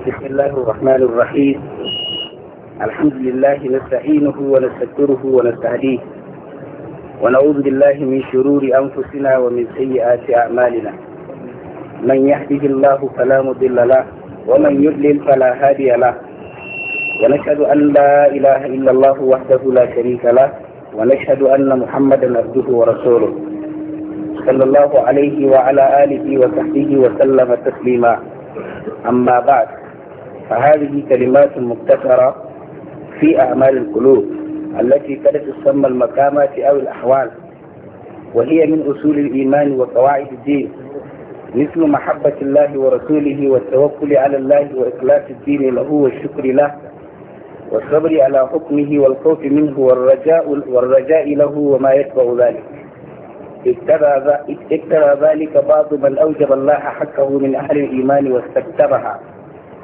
بسم الله الرحمن الرحيم الحمد لله نستعينه ونستغفره ونستهديه ونعوذ بالله من شرور أنفسنا ومن سيئات أعمالنا من يهده الله فلا مضل له ومن يضلل فلا هادي له ونشهد أن لا إله إلا الله وحده لا شريك له ونشهد أن محمدا عبده ورسوله صلى الله عليه وعلى آله وصحبه وسلم تسليما أما بعد فهذه كلمات مبتكرة في أعمال القلوب التي كانت تسمى المقامات أو الأحوال وهي من أصول الإيمان وقواعد الدين مثل محبة الله ورسوله والتوكل على الله وإخلاص الدين له والشكر له والصبر على حكمه والخوف منه والرجاء والرجاء له وما يتبع ذلك اتبع ذلك بعض من أوجب الله حقه من أهل الإيمان واستكتبها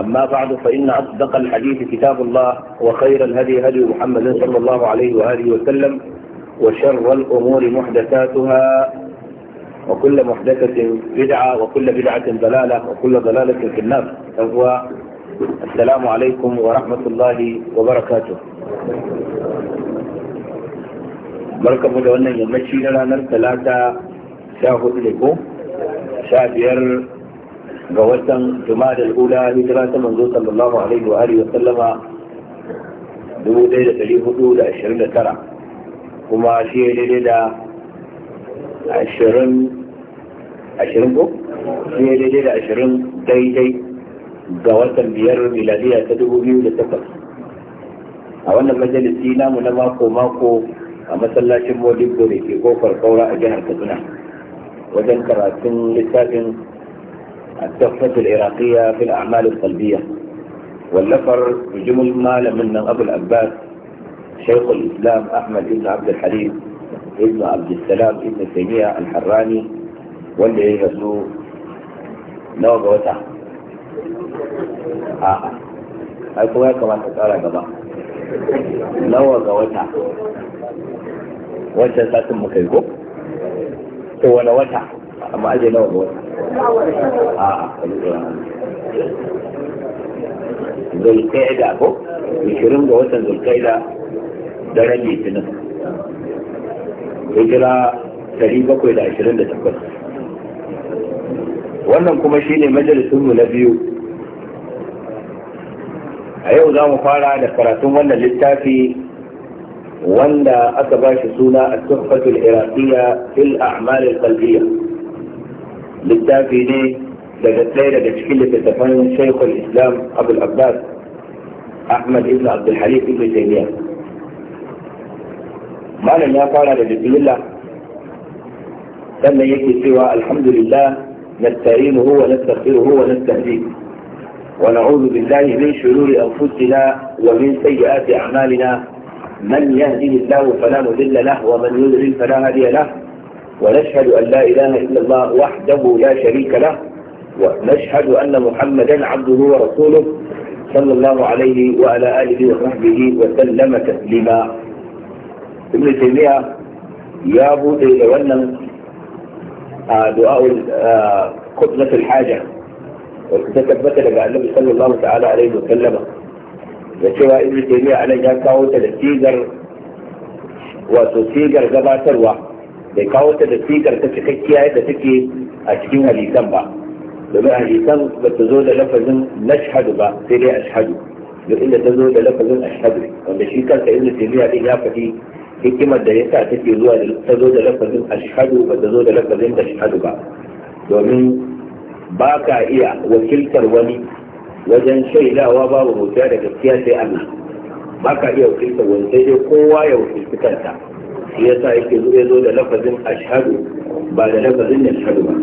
أما بعد فإن أصدق الحديث كتاب الله وخير الهدي هدي محمد صلى الله عليه وآله وسلم وشر الأمور محدثاتها وكل محدثة بدعة وكل بدعة ضلالة وكل ضلالة في النار فهو السلام عليكم ورحمة الله وبركاته بركة مدونة يمشي لنا نرسلاتا شاهد لكم شاهد ga watan jumada ula hijira ta manzo sallallahu alaihi wa alihi wa sallama 1429 kuma shi ya daidai da 20 ashirin ko shi ya daidai da ashirin daidai ga watan biyar miladiya ta 2008 a wannan majalisi namu na mako-mako a masallacin modibbo da ke kofar kaura a jihar katsina wajen karatun littafin التحفة العراقية في الأعمال القلبية والنفر بجمل ما من أبو العباس شيخ الإسلام أحمد بن عبد الحليم ابن عبد السلام ابن تيمية الحراني wanda ya rasu nawa ga هاي a كمان kuma ya kamata tsara gaba nawa ga wata wancan amma aje nawa ga wata a zulkaida ko 20 ga watan zulkaida daren litinin hijira 728 wannan kuma shi ne majalisunmu na biyu a yau za mu fara da karatun wannan littafi wanda aka ba shi suna a tuffatul iraqiyya fil a'mal al-qalbiyya للدافي دي لدى تلاقي تشكيلة التفاني شيخ الإسلام أبو العباس أحمد ابن عبد الحليف ابن تيمية ما لم يقال على بسم الله لن يكي سوى الحمد لله نستعينه ونستغفره ونستهديه ونعوذ بالله من شرور أنفسنا ومن سيئات أعمالنا من يهديه الله فلا مذل له ومن يذل فلا هدي له ونشهد أن لا إله إلا الله وحده لا شريك له ونشهد أن محمدا عبده ورسوله صلى الله عليه وعلى آله وصحبه وسلم تسليما ابن تيمية يا بودي لو آه، دعاء كتلة آه، الحاجة مثلا مع النبي صلى الله تعالى عليه وسلم وشوى ابن تيمية على جاكاو تلتيجر وتلتيجر ta da bai kawo ta da sigar ta cikakkiya yadda take a cikin hadisan ba domin hadisan ba ta zo da lafazin nashhadu ba sai dai ashhadu duk inda ta zo da lafazin ashhadu wanda shi kansa ibnu taymiya din ya faɗi hikimar da yasa take zuwa ta zo da lafazin ashhadu ba ta zo da lafazin shahadu ba domin ba ka iya wakiltar wani wajen shaidawa babu mutuwa da gaskiya sai Allah ba ka iya wakiltar wani sai dai kowa ya wakilci kanta shi sa yake zo zo da lafazin ashadu ba da lafazin shadu ba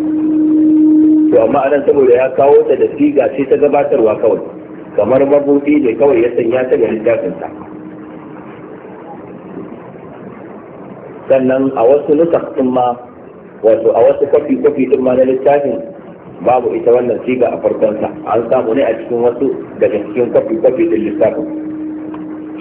to amma anan saboda ya kawo ta da siga ce ta gabatarwa kawai kamar mabuti ne kawai ya sanya ta ga littafinsa sannan a wasu nusar ma wato a wasu kwafi kwafi ɗin ma na littafin babu ita wannan siga a farkonsa an samu ne a cikin wasu daga cikin kwafi kwafi ɗin littafin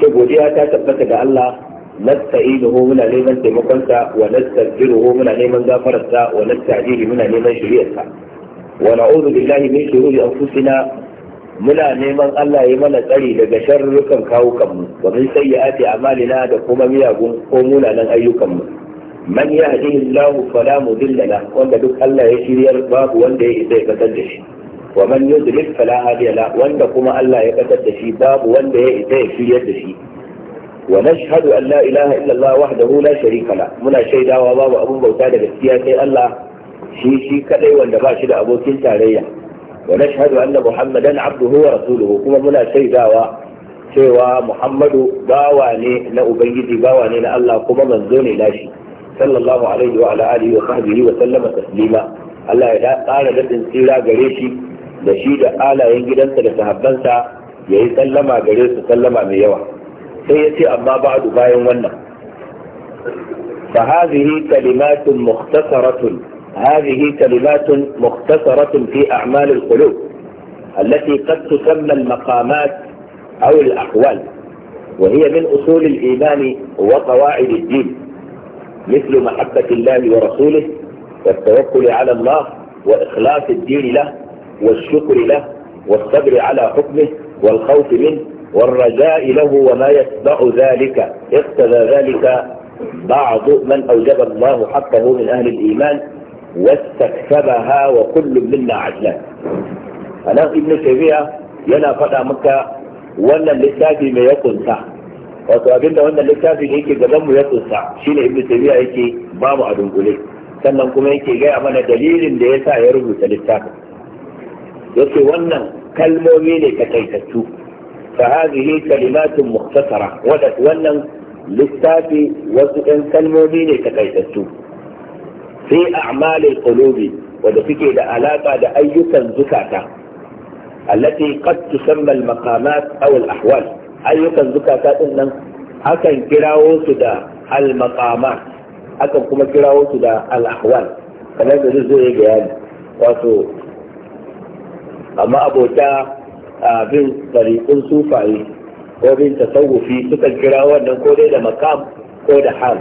ce godiya ta tabbata ga Allah nasta'iduhu muna neman taimakonsa wa nastaghfiruhu muna neman gafararsa wa nasta'jihi muna neman shiriyarsa wa na'udhu billahi min shururi anfusina muna neman Allah ya mana tsari daga sharrukan kawo kanmu wa min sayyiati a'malina da kuma miyagun ko munanan ayyukanmu man yahdihi Allah fala mudilla la wanda duk Allah ya shiryar babu wanda ya isa ya kasar da shi wa man yudlil fala hadiya la wanda kuma Allah ya kasar da shi babu wanda ya isa ya shiryar da shi ونشهد أن لا إله إلا الله وحده لا شريك له منا شيدا وبابا أبو بوتا لبسيا الله شي شي كدي وأن باشد أبو كنت عليا ونشهد أن محمدا عبده ورسوله كما منا شيدا cewa Muhammadu bawa ne na Ubangiji bawa ne na Allah kuma manzo ne nashi sallallahu alaihi wa sallama taslima Allah ya ƙara dadin tsira gare shi da shi da alayen gidansa da sahabbansa yayi sallama gare su sallama mai yawa sai ya ce amma ba'du bayan wannan fa hadhihi kalimatun mukhtasaratun hadhihi kalimatun mukhtasaratun fi a'mal al-qulub allati qad tusamma al-maqamat aw al-ahwal وهي من أصول الإيمان وقواعد الدين مثل محبة الله ورسوله والتوكل على الله وإخلاص الدين له والشكر له والصبر على حكمه والخوف منه والرجاء له وما يتبع ذلك اقتضى ذلك بعض من أوجب الله حقه من أهل الإيمان واستكسبها وكل منا عدلان. أنا ابن كبير لنا فتى مكة وانا لسافي ما يكون سا وتوابين وانا لسافي هيك قدم يكون سا شيل ابن كبير هيك بابا عدم قولي سنة كما هيك جاء من دليل ليسا يرغو سلسافي يكي وانا كلمو ميني كتاي فهذه كلمات مختصرة ولن للتافي وسئن كالمومين تكيتتو في أعمال القلوب وذلك علاقة لأيك زكاة التي قد تسمى المقامات أو الأحوال أيك زكاة إن أكن كراو سدا المقامات أكن كما كراو سدا الأحوال كما يجب أن يجب أن أما أبو تا Abin tsarikun sufaye ko bin tasawufi sukan kira wannan ko dai da makam ko da hal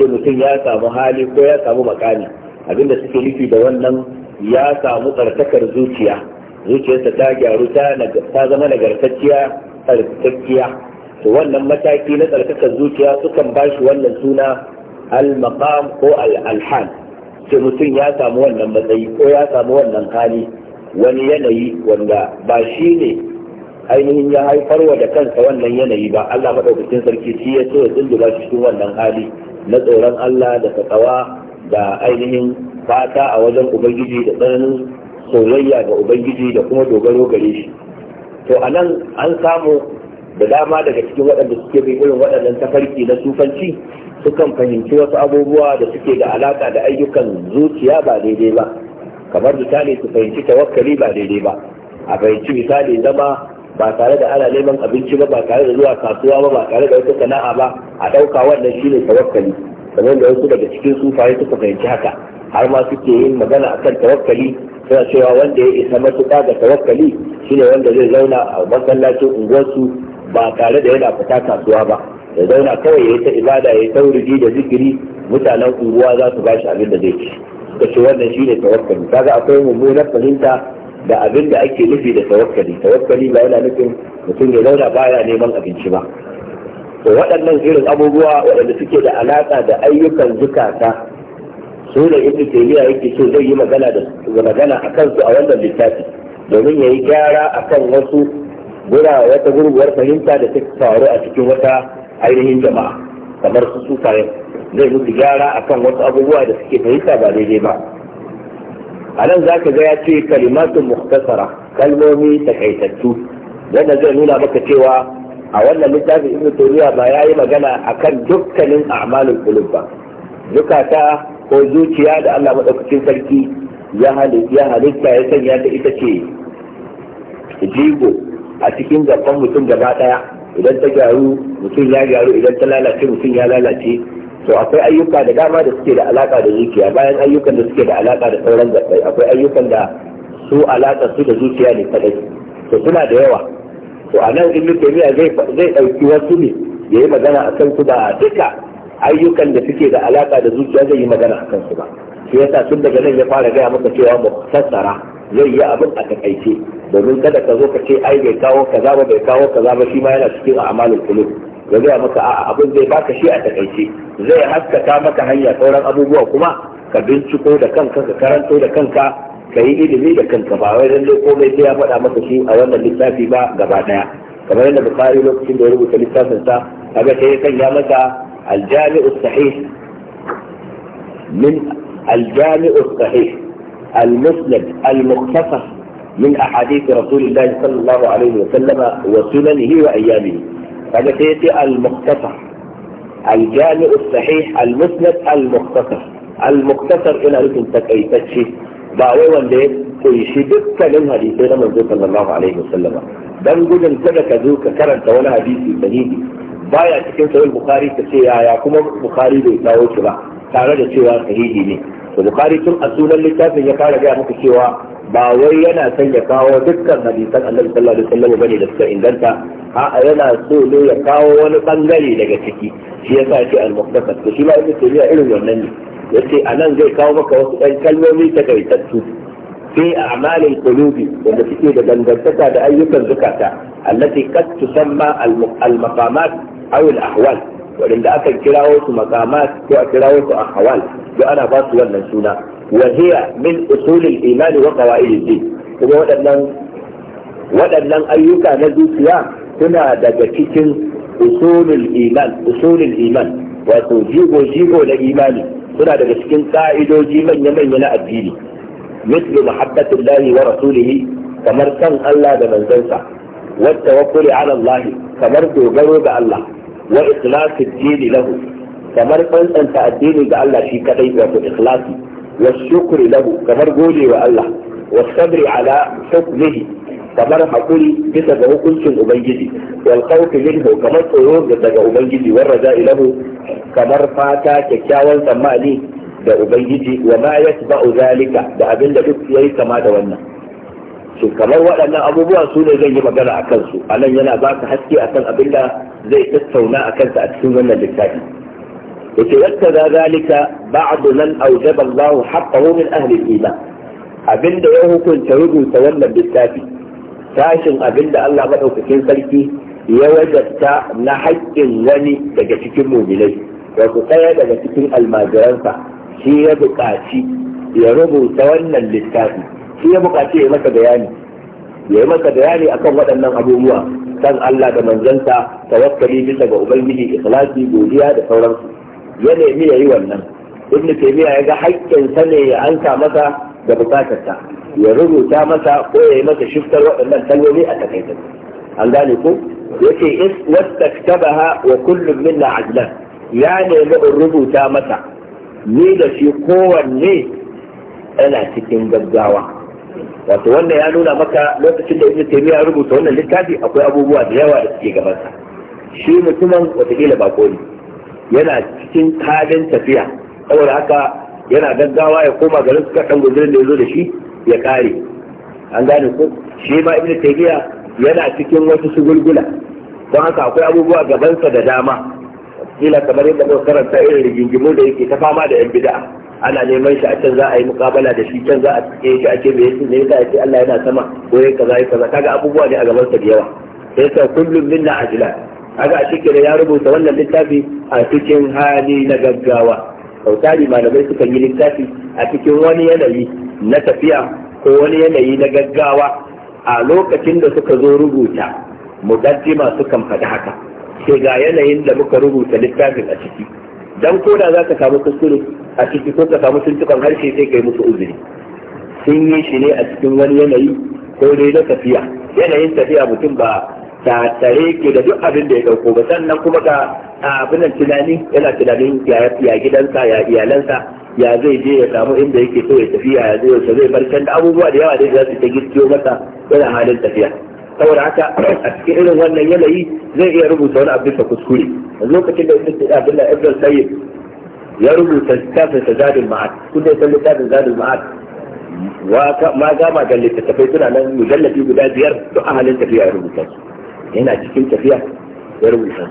sai mutum ya samu hali ko ya samu makami abinda suke nufi da wannan ya samu tsartakar zuciya zuciyarsa ta gyaru ta zama nagartacciya tsartakkiya to wannan mataki na tsartakar zuciya sukan ba shi wannan suna al-maqam ko al-alhan sai mutum ya samu wannan matsayi ko ya samu wannan hali wani yanayi wanda ba shi ne ainihin ya haifarwa da kansa wannan yanayi ba Allah maɗaukacin sarki shi ya so ya shi cikin wannan hali na tsoron Allah da tsawa da ainihin fata a wajen Ubangiji da tsananin soyayya ga Ubangiji da kuma dogaro gare shi to a nan an samu da dama daga cikin waɗanda suke bin irin waɗannan tafarki na sufanci sukan fahimci wasu abubuwa da suke da alaƙa da ayyukan zuciya ba daidai ba kamar misali su fahimci tawakkali ba daidai ba a fahimci misali zama ba tare da ana neman abinci ba ba tare da zuwa kasuwa ba ba tare da wata sana'a ba a ɗauka wannan shine tawakkali kamar da wasu daga cikin sufaye suka fahimci haka har ma suke yin magana akan tawakkali suna cewa wanda ya isa matuƙa ga tawakkali shine wanda zai zauna a masallacin unguwarsu ba tare da yana fita kasuwa ba ya zauna kawai ya yi ta ibada ya yi tauridi da zikiri mutanen unguwa za su bashi abin da zai ci suka ce wannan shine tawakkali kaga akwai mummunar fahimta da abin da ake nufi da tawakkali tawakkali ba yana nufin mutum ya zauna baya neman abinci ba to waɗannan irin abubuwa waɗanda suke da alaƙa da ayyukan zukata su da ibnu taymiya yake so zai yi magana da magana akan su a wannan littafi domin yayi gyara akan wasu gura wata gurguwar fahimta da ta faru a cikin wata ainihin jama'a kamar su sufaye zai musu gyara akan wasu abubuwa da suke fahimta ba daidai ba a nan za ka ga ya ce kalimatun muktasara kalmomi takaitattu wanda zai nuna maka cewa a wannan littafin ibn turiya ba ya yi magana akan dukkanin a'malul qulub ba zukata ko zuciya da Allah madaukakin sarki ya halitta ya sanya ta ita ce jigo a cikin gaban mutum gaba ɗaya. idan ta gyaru mutum ya gyaru idan ta lalace mutum ya lalace to akwai ayyuka da dama da suke da alaka da zuciya bayan ayyukan da suke da alaka da sauran zaɓai akwai ayyukan da su alaka su da zuciya ne kadai to suna da yawa to a nan in taymiya zai zai ɗauki wasu ne ya yi magana a kansu ba duka ayyukan da suke da alaka da zuciya zai yi magana a kansu ba shi yasa tun daga nan ya fara gaya maka cewa mu sassara, zai yi abin a takaice domin kada ka zo ka ce ai bai kawo kaza ba bai kawo kaza ba shi ma yana cikin a'malul qulub ya gaya maka a abin zai baka shi a takaice zai haskaka maka hanya sauran abubuwa kuma ka binciko da kanka ka karanto da kanka ka yi ilimi da kanka ba wai lalle komai sai ya faɗa maka shi a wannan littafi ba gaba daya kamar yadda bukari lokacin da ya rubuta littafin sa kaga sai ya sanya masa aljami'u sahih min aljami'u sahih min ahadith rasulillahi sallallahu alaihi wa sallama wa sunanihi wa ayyamihi kaga sai al-mukhtasar al-jami' al-musnad al-mukhtasar ina nufin takaitacce ba wai wanda ya kunshi dukkanin hadisai na manzo sallallahu alaihi wa sallama dan gudun kada ka ka karanta wani hadisi sahihi baya cikin sahih bukhari ta ce yaya kuma bukhari bai kawo shi ba tare da cewa sahihi ne to bukari tun a sunan littafin ya fara gaya muku cewa ba wai yana son ya kawo dukkan hadisan annabi sallallahu alaihi wasallam bane da suka inganta a yana so ne ya kawo wani bangare daga ciki shi yasa yake al-muqtasad to shi ma ibnu taymiya irin wannan ne yace anan zai kawo maka wasu ɗan kalmomi ta gaitattu fi a'malil qulubi wanda suke da dangantaka da ayyukan zukata allati qad tusamma al-maqamat aw al-ahwal waɗanda aka kirawo su maqamat ko a kirawo a ahwal duk ana ba su wannan suna wa hiya min usulil iman wa qawaid din kuma waɗannan waɗannan ayyuka na zuciya suna daga cikin usulul iman usulul iman wato jigo jigo na imani suna daga cikin ka'idoji manya manya na addini مثل محبة الله ورسوله كمرسل الله بمنزلته والتوكل على kamar dogaro ga allah. wa ikhlasi dini lahu kamar tsantsanta addini ga Allah shi kadai wato ikhlasi wa shukri lahu kamar gode wa Allah wa sabri ala hukmihi kamar hakuri bisa ga hukuncin ubangiji wal khawfi minhu kamar tsoro daga ubangiji war raja'i lahu kamar fata kyakkyawan tsammani da ubangiji wa ma yasba'u zalika da abinda duk yayi kama da wannan to kamar waɗannan abubuwa su ne zan yi magana a kansu a nan yana ba ka haske a kan abin da zai tattauna a kansa a cikin wannan littafi yake yadda da zalika ba'du nan aujaba Allah haqqahu min ahli iman abinda ya hukunta rubuta wannan littafi tashin abinda Allah madaukakin sarki ya wajabta na haƙƙin wani daga cikin mu'minai wato tsaya daga cikin almajiransa shi ya buƙaci ya rubuta wannan littafi shi ya bukaci ya yi bayani ya yi masa bayani akan waɗannan abubuwa kan Allah da manzanta tawakkali bisa ga ubangiji ikhlasi godiya da sauransu ya nemi ya yi wannan ibn taymiya ya ga haƙƙin sa ne ya ansa masa da bukatarsa ya rubuta masa ko ya yi masa shiftar waɗannan kalmomi a takaitan an gane ko yace is wastaktabaha wa kullum minna ajlan ya nemi in rubuta masa ni da shi kowanne yana cikin gaggawa wato wannan ya nuna maka lokacin da ibnu taymiya ya rubuta wannan littafi akwai abubuwa da yawa da suke gabansa shi mutumin watakila bako ne yana cikin halin tafiya saboda haka yana gaggawa ya koma garin suka kan guzurin da ya zo da shi ya kare an gane ko shi ma ibnu taymiya yana cikin wasu sugulgula don haka akwai abubuwa gabansa da dama kila kamar yadda muka karanta irin rigingimu da yake ta fama da yan bid'a ana neman shi a can za a yi mukabala da shi can za a tsaye shi ake mai me ne a ce Allah yana sama ko yayi kaza yayi kaza kaga abubuwa ne a gaban sa da yawa sai yasa kullum minna ajla kaga a cikin ya rubuta wannan littafi a cikin hali na gaggawa sautari malamai suka yi littafi a cikin wani yanayi na tafiya ko wani yanayi na gaggawa a lokacin da suka zo rubuta mudaddima sukan faɗi haka sai ga yanayin da muka rubuta littafin a ciki dan koda za ka samu kuskure a ciki ko ka samu tuntukan harshe sai kai musu uzuri sun yi shi ne a cikin wani yanayi ko dai na tafiya yanayin tafiya mutum ba ta tare ke da duk abin da ya dauko ba sannan kuma ga abin tunani yana tunanin ya gidansa ya iyalansa ya zai je ya samu inda yake so ya tafiya ya zai zai bar can da abubuwa da yawa da za su ta gizkiyo masa yana halin tafiya تصور عكا أسكيل وانا يلي زي يا ربو سوال أبدا فكسكولي اللوكة كده يسنت الأهد الله إبرا السيد يا ربو تستافة تزاد المعاد كده يسنت الأهد تزاد المعاد وما قام قال لي تتفيتون على المجلة في بداية زيار تقعها لنت فيها يا ربو سوال هنا تكين تفيا يا ربو سوال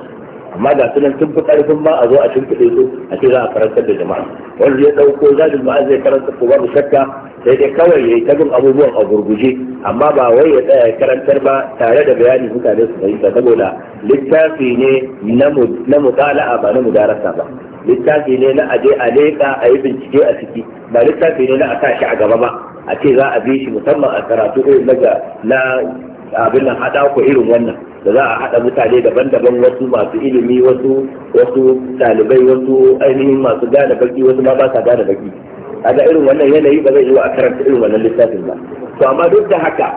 أما دا سنة تنبت ألف ما أضوء أشنت إيزو أتغى أفرنت الجماعة والذي يدعو كوزاد المعاد زي كرنت القبار وشكا sai dai kawai ya yi ta bin abubuwan a gurguje amma ba wai ya tsaya karantar ba tare da bayani mutane su fahimta saboda littafi ne na mutala'a ba na mudarasa ba littafi ne na aje a leƙa a yi bincike a ciki ba littafi ne na a sa shi a gaba ba a ce za a bi shi musamman a karatu irin na abin nan haɗa ko irin wannan da za a haɗa mutane daban-daban wasu masu ilimi wasu wasu ɗalibai wasu ainihin masu gane baki wasu ma ba sa gane baki kaga irin wannan yanayi ba zai yi wa a karanta irin wannan littafin ba to amma duk da haka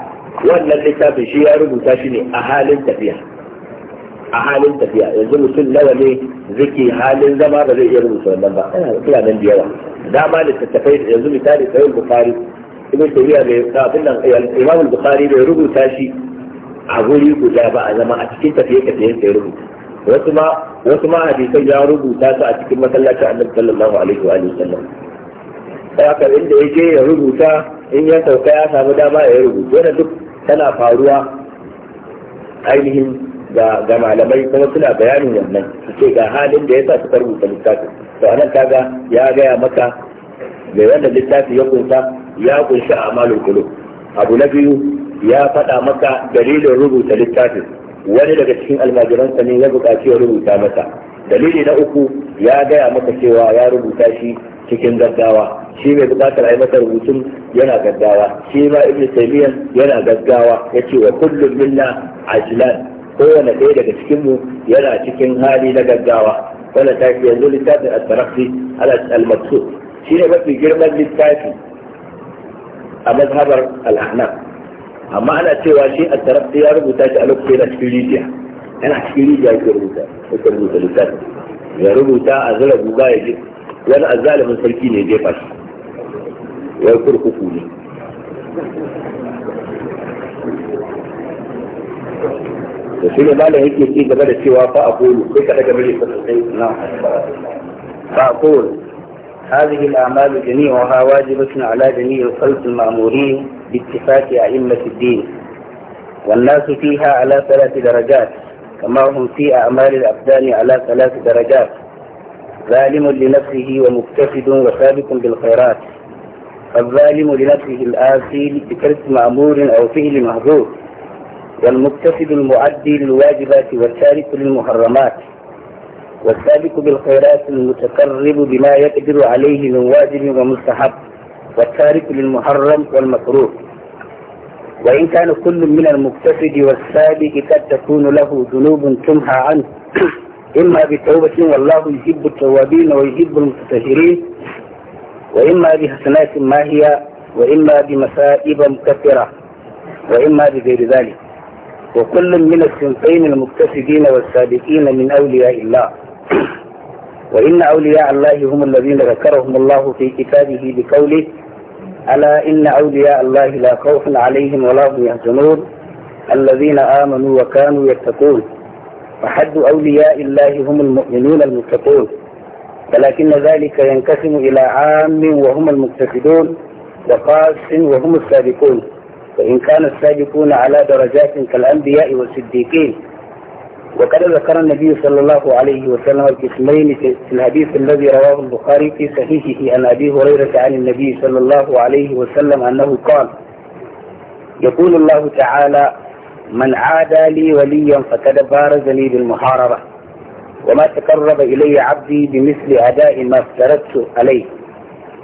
wannan littafin shi ya rubuta shi ne a halin tafiya a halin tafiya yanzu mutum nawa ne zake halin zama ba zai iya rubuta wannan ba yana tafiya nan da yawa dama littattafai yanzu misali sahih bukhari ibn tawiya bai abin nan eh, imam al-bukhari bai rubuta shi a guri guda ba a zama a cikin tafiye-tafiyen sai rubuta wasu ma wasu ma hadisai ya rubuta su a cikin masallacin annabi sallallahu alaihi wa sallam haka inda ya je ya rubuta in ya sauka ya samu dama ya rubuta da duk tana faruwa ainihin ga malamai kuma suna bayanin wannan suke ga halin da ya sa suka rubuta littafin to anan kaga ya gaya maka mai wanda littafi ya kunsa ya kunshi a amalul kulub abu na biyu ya faɗa maka dalilin rubuta littafin wani daga cikin almajiransa ne ya buƙaci ya rubuta masa dalili na uku ya gaya maka cewa ya rubuta shi cikin gaggawa shi mai bukatar ai masa rubutun yana gaggawa shi ma ibnu taymiyyah yana gaggawa yace wa kullum minna ajlan kowane ɗaya daga cikinmu yana cikin hali na gaggawa wanda ta ke yanzu littafin al-tarafi al-maksud shi ne mafi girman littafi a mazhabar al-ahnaf amma ana cewa shi al-tarafi ya rubuta shi a lokacin yana cikin rijiya yana cikin rijiya ke rubuta suka rubuta littafi ya rubuta a zira guga ya je wani azalimin sarki ne jefa shi wai kurkuku ne da shi ne malam yake ci gaba da cewa fa a kolu sai ka daga mili sosai fa a kolu هذه الأعمال جميعها واجبة على جميع الخلق المأمورين باتفاق أئمة الدين والناس فيها على ثلاث درجات كما هم في أعمال الأبدان على ثلاث درجات ظالم لنفسه ومجتهد وسابق بالخيرات فالظالم لنفسه الآسي بترك مأمور أو فعل محظور والمجتهد المعدي للواجبات والتارك للمحرمات والسابق بالخيرات المتقرب بما يقدر عليه من واجب ومستحب والتارك للمحرم والمكروه وإن كان كل من المكتسب والسابق قد تكون له ذنوب تمحى عنه إما بتوبة والله يحب التوابين ويحب المتطهرين وإما بحسنات ماهية وإما بمسائب مكثرة وإما بغير ذلك وكل من الصنفين المكتسبين والسابقين من أولياء الله وإن أولياء الله هم الذين ذكرهم الله في كتابه بقوله ألا إن أولياء الله لا خوف عليهم ولا هم يحزنون الذين آمنوا وكانوا يتقون وحد أولياء الله هم المؤمنون المتقون ولكن ذلك ينقسم إلى عام وهم المقتصدون وخاص وهم السابقون وإن كان السابقون على درجات كالأنبياء والصديقين وقد ذكر النبي صلى الله عليه وسلم القسمين في الحديث الذي رواه البخاري في صحيحه عن ابي هريره عن النبي صلى الله عليه وسلم انه قال يقول الله تعالى من عادى لي وليا فقد بارزني بالمحاربه وما تقرب الي عبدي بمثل اداء ما افترضت عليه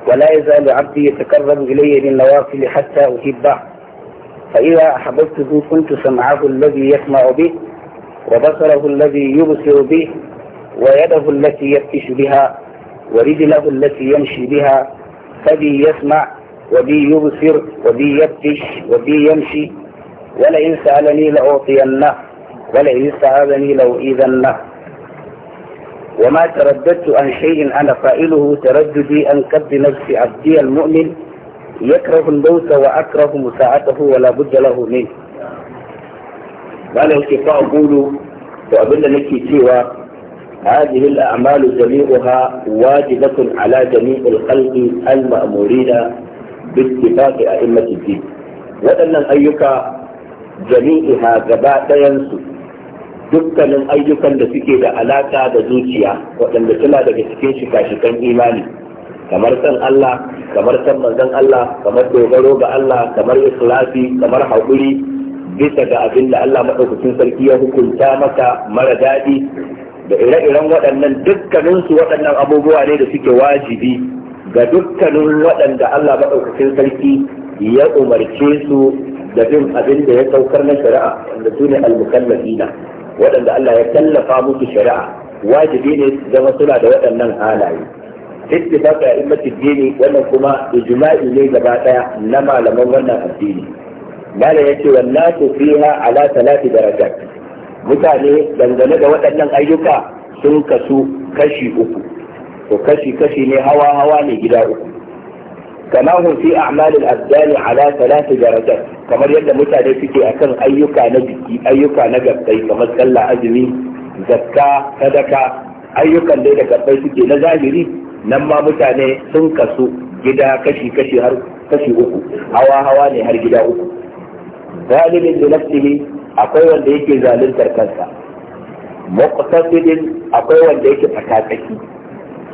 ولا يزال عبدي يتقرب الي بالنوافل حتى احبه فاذا احببته كنت سمعه الذي يسمع به وبصره الذي يبصر به ويده التي يبتش بها ورجله التي يمشي بها فبي يسمع وبي يبصر وبي يبتش وبي يمشي ولئن سألني لأعطينه ولئن استعاذني إذنه وما ترددت عن شيء أنا قائله ترددي أن قد نفس عبدي المؤمن يكره الموت وأكره مساعته ولا بد له منه قال يكي فأقول وأبدا نكي سوى هذه الأعمال جميعها واجبة على جميع الخلق المأمورين باتفاق أئمة الدين وأن أيك جميعها غباء ينسو dukkanin ayyukan da suke da alaka da zuciya waɗanda suna daga cikin shika-shikan imani kamar san Allah kamar san manzon Allah kamar dogaro ga Allah kamar ikhlasi kamar haƙuri bisa ga abin da Allah maɗaukacin sarki ya hukunta mata mara daɗi da ire-iren waɗannan dukkaninsu waɗannan abubuwa ne da suke wajibi ga dukkanin waɗanda Allah maɗaukacin sarki ya umarce su da bin abin da ya saukar na shari'a wanda su ne almukallafina waɗanda Allah ya tallafa musu shari'a wajibi ne su zama suna da waɗannan halaye ittifaqa a'immatid dini wannan kuma ijma'i ne gaba daya na malaman wannan addini malam yace wallatu fiha ala talati darajat mutane dangane da waɗannan ayyuka sun kasu kashi uku to kashi kashi ne hawa hawa ne gida uku kama hum fi a'malil abdani ala talati darajat kamar yadda mutane suke akan ayyuka na jiki ayyuka na gabbai kamar sallah azumi zakka sadaka ayyukan dai da gabbai suke na zahiri nan ma mutane sun kasu gida kashi kashi har kashi uku hawa hawa ne har gida uku zalimin da nafsihi akwai wanda yake zaluntar kansa muqtasidin akwai wanda yake fatakaki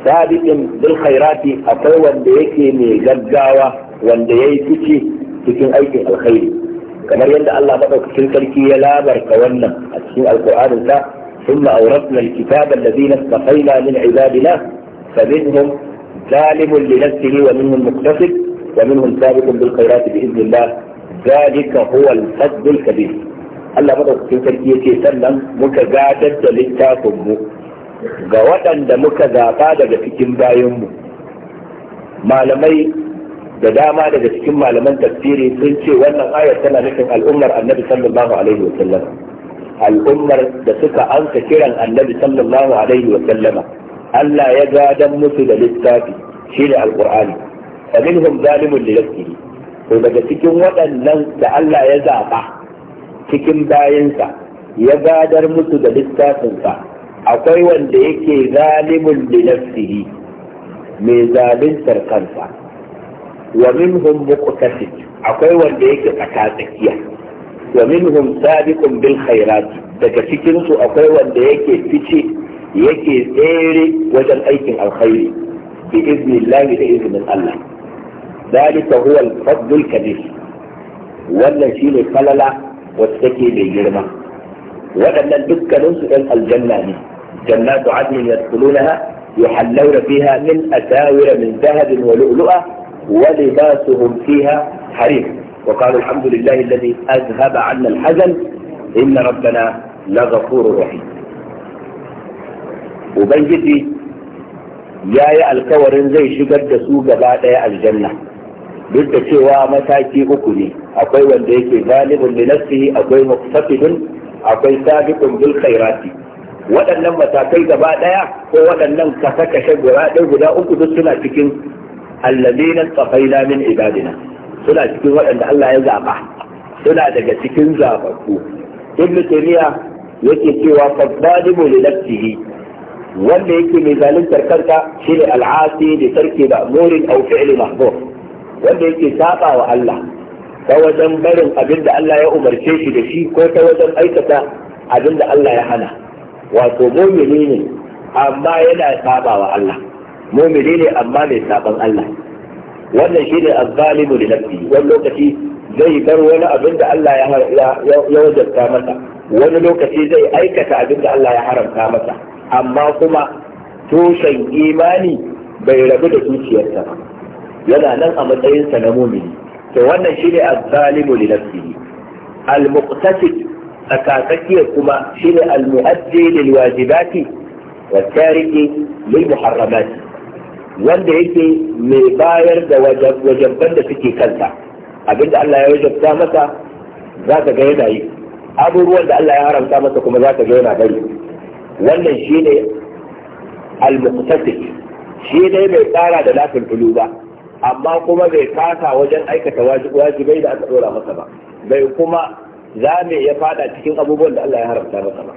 sabiqin bil khairati akwai wanda yake mai gaggawa wanda yayi fice cikin aikin alkhairi kamar yadda Allah madaukakin sarki ya labarka wannan a cikin alkur'anin sa ثم أورثنا الكتاب الذين استقينا من عبادنا فمنهم ظالم لنفسه ومنهم مقتصد ومنهم سابق بالخيرات بإذن الله zalika huwa al-fadl kabir Allah madaukakin sarki yace sannan muka gadar da littafin mu ga waɗanda muka zaɓa daga cikin bayanmu malamai da dama daga cikin malaman tafsiri sun ce wannan ayar tana nufin al'ummar annabi sallallahu alaihi wa sallam al'ummar da suka anka kiran annabi sallallahu alaihi wa sallama Allah ya gadan musu da littafi shine alqur'ani fa minhum zalimun li nafsihi to daga cikin waɗannan da Allah ya zaɓa cikin bayansa ya gadar musu da littafinsa akwai wanda yake zalimin li nafsihi mai zaluntar kansa wa minhum muqtasid akwai wanda yake tsaka tsakiya wa minhum sabiqun bil khairat daga cikin su akwai wanda yake fice yake tsere wajen aikin alkhairi bi iznillahi da iznin Allah ذلك هو الفضل الكبير ولا والذي للخلل والسكي للجرمه ولا البك ندخل الجنه دي جنات عدن يدخلونها يحلون فيها من اساور من ذهب ولؤلؤه ولباسهم فيها حريم وقالوا الحمد لله الذي اذهب عنا الحزن ان ربنا لغفور رحيم وبين جدي يا يا الكورن زي شجر جسوق بعد الجنه duk da cewa mataki uku ne akwai wanda yake zalibun li nafsihi akwai muqtasidun akwai sabiqun bil khairati waɗannan matakai gaba daya ko waɗannan kashe-kashe guda ɗaya guda uku duk suna cikin alladina tsafaina min ibadina suna cikin waɗanda Allah ya zaba suna daga cikin zababbu ibnu taymiya yake cewa fadalibu li nafsihi wanda yake mai zaluntar kanka shine al'asi da sarki da amurin aw fi'li mahdhur wanda yake saba wa Allah ta wajen barin abin da Allah ya umarce shi da shi ko ta wajen aikata abin da Allah ya hana wato mumini ne amma yana saba wa Allah mumini ne amma mai saban Allah wannan shi ne azzalimu da nafsi wani lokaci zai bar wani abin da Allah ya wajabta masa wani lokaci zai aikata abin da Allah ya haramta masa amma kuma tushen imani bai rabu da zuciyarsa ba yana nan a matsayinsa na mumini to wannan shine az-zalimu li nafsihi al-muqtasid tsakatsakiya kuma shine al-mu'addi lil wajibati wa tariki lil muharramat wanda yake mai bayar da wajabban da suke kanta, abinda Allah ya wajabta masa za ka ga yana yi abubuwan da Allah ya haramta masa kuma za ka ga yana bari wannan shine al-muqtasid shi ne mai tsara da lafin tulu ba amma kuma bai kasa wajen aikata wajibai da aka dora masa ba bai kuma zame ya fada cikin abubuwan da Allah ya haramta masa ba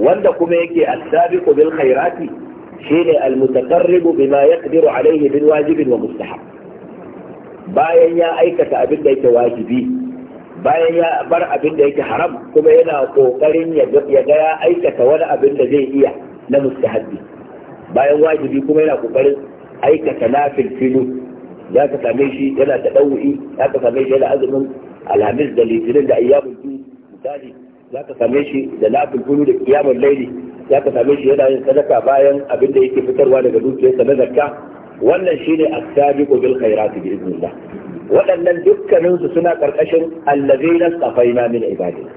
wanda kuma yake as-sabiqu bil khairati shine al-mutaqarribu bima yaqdiru alayhi bil wajib wa mustahab bayan ya aikata abin da yake wajibi bayan ya bar abin da yake haram kuma yana kokarin ya ga ya aikata wani abin da zai iya na mustahabbi bayan wajibi kuma yana kokarin aikata nafil filu za ka same shi yana da ɗau'i za ka same shi yana azumin alhamis da litinin da ayyamin tu misali za ka same shi da lafin kunu da kiyamun laili za ka same shi yana yin sadaka bayan abin da yake fitarwa daga dukiyarsa na zakka wannan shine as-sabiqu bil khairati bi idnillah waɗannan dukkaninsu suna ƙarƙashin allazina safaina min ibadina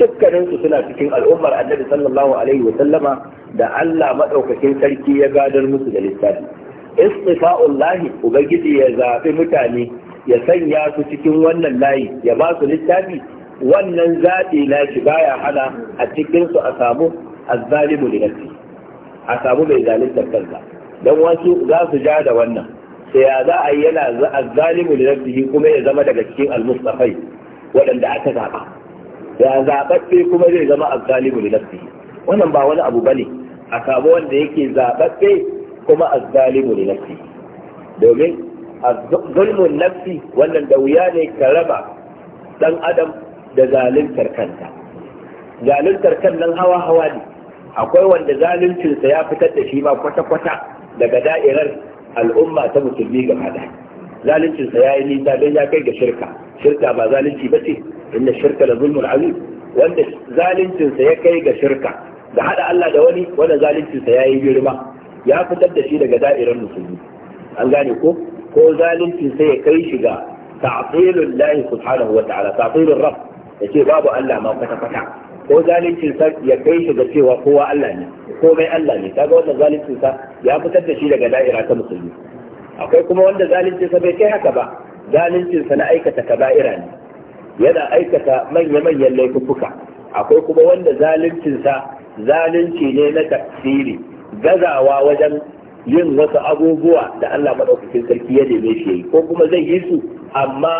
dukkaninsu suna cikin al'ummar annabi sallallahu alaihi wa sallama da Allah madaukakin sarki ya gadar musu da lissafi istifa'ullahi ubangiji ya zaɓi mutane ya sanya su cikin wannan layi ya ba su littafi wannan zaɓi na shi baya hana a cikinsu a samu azzalimu li nafsi a samu mai zalunta kansa dan wasu za su ja da wannan sai ya za a yi yana azzalimu li kuma ya zama daga cikin almustafai waɗanda aka zaɓa ya zaɓaɓɓe kuma zai zama azzalimu li wannan ba wani abu bane a samu wanda yake zaɓaɓɓe kuma azzalimu li nafsi domin zulmun nafsi wannan da wuya ne ka raba dan adam da zaluntar kanta zaluntar kan nan hawa hawa ne akwai wanda zaluncinsa ya fitar da shi ma kwata-kwata daga da'irar al'umma ta musulmi gaba da zaluncinsa ya yi nisa don ya kai ga shirka shirka ba zalunci ba ce inda shirka da zulmun azim wanda zaluncinsa ya kai ga shirka da hada Allah da wani wanda zaluncinsa ya yi girma ya fitar da shi daga da'irar musulmi an gane ko ko zalunci sai ya kai shi ga ta'tilul lahi subhanahu wa ta'ala ta'tilur rabb yace babu Allah ma kwata kwata ko zalincin sa ya kai shi ga cewa kowa Allah ne komai Allah ne kaga wannan zalincin sa ya fitar da shi daga da'ira ta musulmi akwai kuma wanda zalincin sa bai kai haka ba zalincin sa na aikata kaba'ira ne yana aikata manya-manyan laifuffuka akwai kuma wanda zalincin sa zalunci ne na tafsiri gazawa wajen yin wasu abubuwa da Allah maɗaukakin sarki ya neme shi yi ko kuma zai yi su amma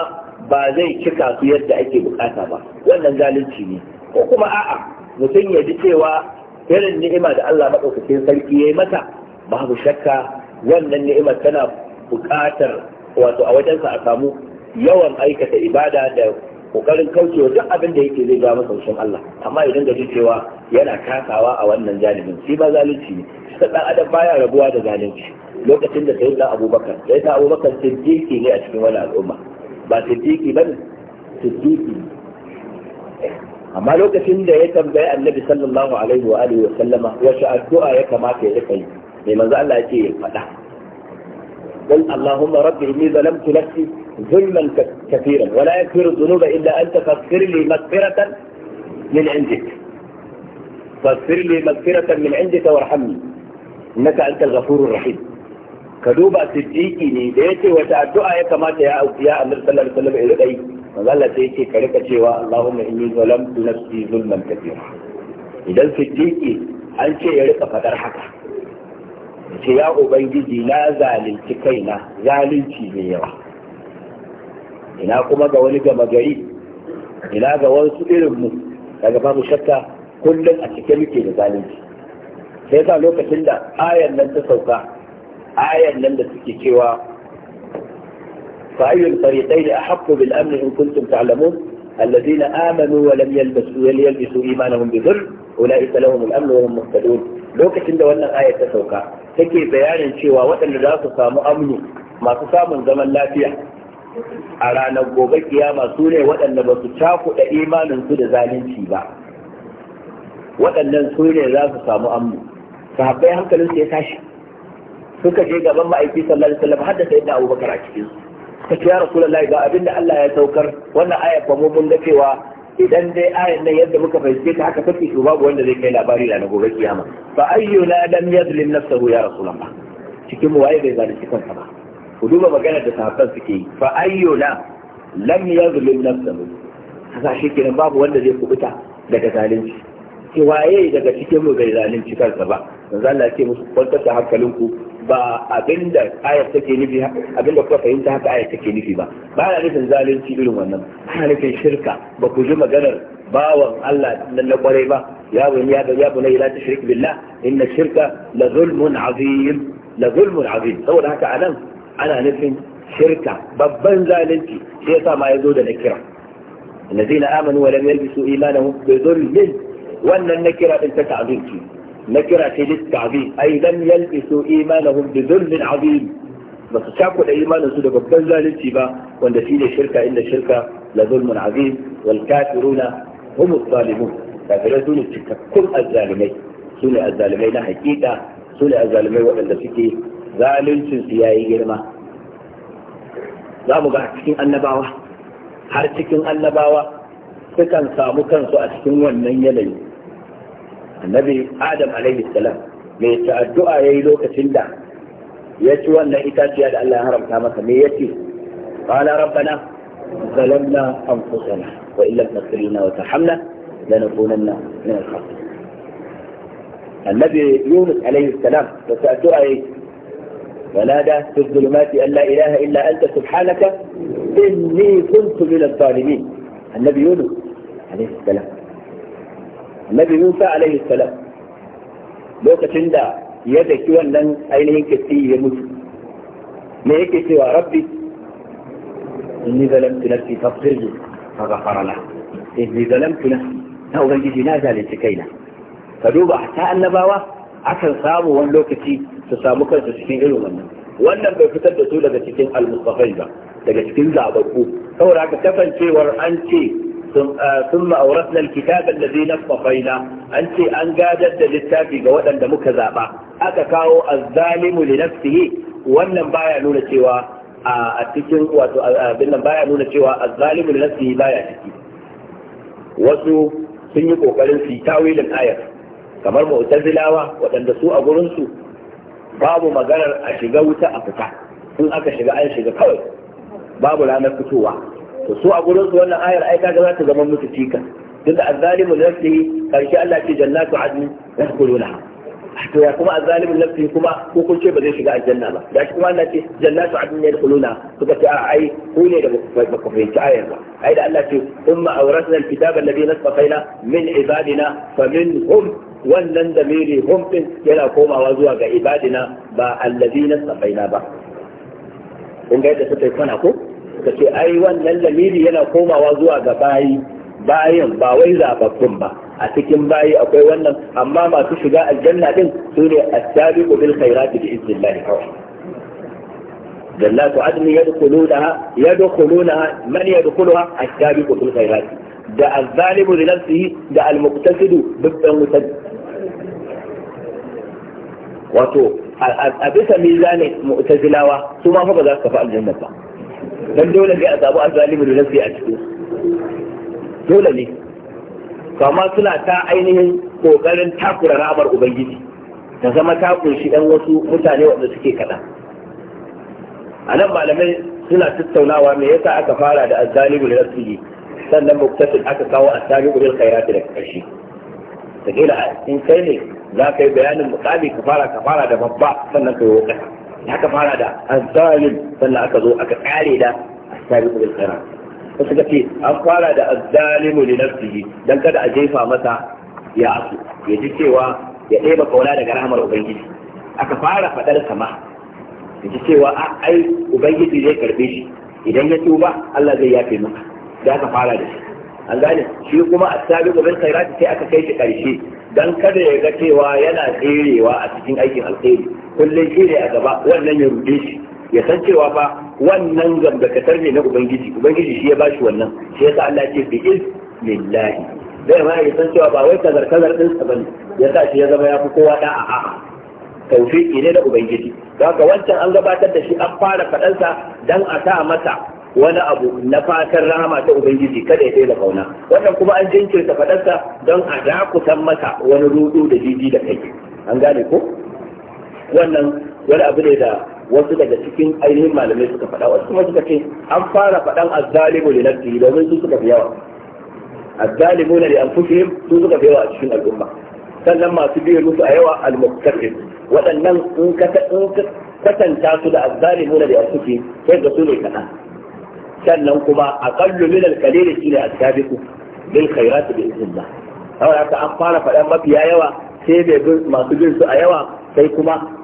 ba zai cika su yadda ake bukata ba wannan zalunci ne ko kuma a'a mutum ya ji cewa irin ni'ima da Allah maɗaukakin sarki ya yi mata babu shakka wannan ni'imar tana bukatar wato a wajensa a samu yawan aikata ibada da kokarin kaucewa duk abin da yake zai ga masa Allah amma idan da cewa yana kasawa a wannan janibin shi ba zalunci ne sai dan adam baya rabuwa da zalunci lokacin da sayyidina Abubakar sayyidina Abubakar siddiqi ne a cikin wani al'umma ba siddiqi bane siddiqi amma lokacin da ya tambayi annabi sallallahu alaihi wa alihi wa sallama wace addu'a ya kamata ya rika yi mai manzo Allah ya ce ya faɗa qul allahumma rabbi inni zalamtu nafsi ظلما كثيرا ولا يغفر الذنوب إلا انت فاغفر لي مغفرة من عندك فاغفر لي مغفرة من عندك وارحمني إنك أنت الغفور الرحيم كدوبة تبقيكي نيديتي وتعدعا كما تعاوك يا أمر صلى الله عليه وسلم إلي مظلة تيتي إيه؟ كلكة شواء اللهم إني ظلمت نفسي ظلما كثيرا إذا تبقيكي أنت يلقى فتر حقا يا أبيدي لا ذالي كينا ذالي كينا ina kuma ga wani gama gari ina ga wasu irin mu daga babu shakka kullum a cike muke da zalunci sai sa lokacin da ayan nan ta sauka ayan nan da suke cewa فأي الفريقين أحق بالأمن إن كنتم تعلمون الذين آمنوا ولم يلبسوا يلبسوا إيمانهم بظلم أولئك لهم الأمن وهم مهتدون lokacin da wannan ayar ta sauka take bayanin cewa waɗanda za su samu amnu masu samun zaman lafiya a ranar gobe kiyama su ne waɗanda ba su cakuɗa imaninsu da zalunci ba waɗannan su ne za su samu haɓɓai sahabbai su ya tashi suka je gaban ma'aiki sallallahu alaihi wasallam hadda sayyidina Abubakar a cikin ta ce ya rasulullahi ga abin da Allah ya saukar wannan ayar fa mun ga cewa idan dai ayar nan yadda muka fahimce ta haka take to babu wanda zai kai labari da gobe kiyama fa ayyuna lam yazlim nafsahu ya rasulullahi cikin mu waye bai zalunci kansa ba ku duba maganar da sahabban suke yi fa ayyuna lam yazlim nafsahu haka shi kenan babu wanda zai kubuta daga zalunci Ki waye daga cikin mu bai zalunci kansa ba manzo Allah ya ce musu kwantar da hankalinku ba abinda ayat take nufi abinda kuka fahimta haka ayat take nufi ba ba na nufin zalunci irin wannan ba nufin shirka ba ku ji maganar bawan Allah nan na kwarai ba ya bani ya ya bani la tushrik billah inna shirka la zulmun azim la zulmun azim saboda haka anan ana nufin shirka babban zalunci sai yasa ma ya zo da ina الذين na amanu walam yalbisu imanahum bi dhulmin wannan nakira din ta ta'zim ce nakira ce din ta'zim ai lam yalbisu imanahum bi dhulmin azim ba su tako da imanin da babban zalunci ba wanda shi shirka inda shirka la dhulmun azim wal kafiruna hum adh-dhalimun kafirun sun cikakkun azzalimai sune azzalimai na hakika sune azzalimai wanda suke zaluncinsu ya yi girma za mu ga cikin annabawa har cikin annabawa sukan samu kansu a cikin wannan yanayi annabi adam alaihi salam mai ta'addu'a ya yi lokacin da ya ci wannan itaciya da Allah ya haramta masa me yace qala rabbana zalamna anfusana wa illa taghfirna wa tarhamna lanakunanna min al-khasirin annabi yunus alaihi salam da ta'addu'a فنادى في الظلمات أن لا إله إلا أنت سبحانك إني كنت من الظالمين النبي يونس عليه السلام النبي موسى عليه السلام لوكا تندى يدك ونن أين هنك فيه يموت ليك سوى ربي إني ظلمت نفسي فاغفر لي فغفر له إني ظلمت نفسي هو غير جنازة لتكينا فدوب أحساء النباوة أكل صابوا ونلوكتي su samu kansu cikin irin wannan wannan bai fitar da su daga cikin almustafai ba daga cikin zababbu saboda haka kasancewar an ce uh, an أورثنا الكتاب الذين اصطفينا أنت أن قادت للتافي قوة دمك زابا أتكاو الظالم لنفسه wannan baya nuna cewa a cikin wato abin baya nuna cewa azzalimu nafsihi baya ciki wasu sun yi kokarin su tawilin ayar kamar mu'tazilawa waɗanda su a gurinsu. babu maganar a shiga wuta a fita in aka shiga an shiga kawai babu ranar fitowa to su a gurin su wannan ayar ai kaga za ta zama musu cika Duk da azzalimu nafsihi karshe Allah ce jannatu adni yadkhuluna to ya kuma azalimin nafsi kuma ko kun ce ba zai shiga aljanna ba da shi kuma Allah ce jannatu adnin yadkhuluna suka ce a ai ku ne da ba ku fahimci ayar ba ai da Allah ce umma awrasna alkitaba alladhi nasfaina min ibadina faminhum wannan damiri hum din yana komawa zuwa ga ibadina ba alladhi nasfaina ba kun ga yadda suka yi kwana ko suka ce ai wannan damiri yana komawa zuwa ga bayi bayan ba wai zababbun ba a cikin bayi akwai wannan amma masu shiga aljanna din su ne as-sabiqu bil khairati bi idnillahi kawai jannatu adni yadkhuluna yadkhuluna man yadkhuluha as bil khairati da az-zalimu li nafsihi da al-muqtasidu duk dan wutar wato a bisa mizanin mu'tazilawa su ma fa ba za su tafi aljanna ba dan dole sai a samu az-zalimu li nafsihi a cikin dole ne to amma suna ta ainihin kokarin takura ra'amar ubangiji ta zama ta kunshi dan wasu mutane wanda suke kaɗan a nan malamai suna tattaunawa me yasa aka fara da azzalimu da nafsihi sannan muktasil aka kawo azzalimu bil khairat da karshe sakila in kai ne za ka yi bayanin mukami ka fara ka fara da babba sannan ka yi wuka ya ka fara da azzalim sannan aka zo aka kare da azzalimu bil khairat wasu ka ce an fara da azzalimu li nafsihi dan kada a jefa masa ya asu ya ji cewa ya ɗeba kauna daga rahamar ubangiji aka fara faɗar sama ya ji cewa a ai ubangiji zai karbe shi idan ya tuba Allah zai yafe maka da aka fara da shi an gane shi kuma a sabi gobin khairati sai aka kai shi ƙarshe dan kada ya ga cewa yana tserewa a cikin aikin alkhairi kullum shi ne a gaba wannan ya rude shi ya san cewa fa wannan gamdakatar ne na ubangiji ubangiji shi ya bashi wannan shi sa Allah ce bi iz lillahi zai ma ya san cewa ba wai kazar kazar din sa bane sa shi ya zama ya fi kowa da a a'a tawfiqi ne da ubangiji haka wancan an gabatar da shi an fara faɗansa dan a sa masa wani abu na fatan rahama ta ubangiji kada ya da kauna wannan kuma an jinkirta sa don a dakutan masa wani rudu da jiji da kai an gane ko wannan wani abu ne da wasu daga cikin ainihin malamai suka faɗa wasu kuma suka ce an fara faɗan azzalimu li nafsihi domin su suka fi yawa azzalimuna li anfusihim su suka fi yawa a cikin al'umma sannan masu biye musu a yawa al-muqtarrib waɗannan in ka in ka kasanta su da azzalimuna li anfusihim sai ga su ne kaɗan sannan kuma aqallu min al-qalil shine as-sabiqu bil khairat bi idhnillah saboda haka an fara faɗan mafiya yawa sai bai masu bin su a yawa sai kuma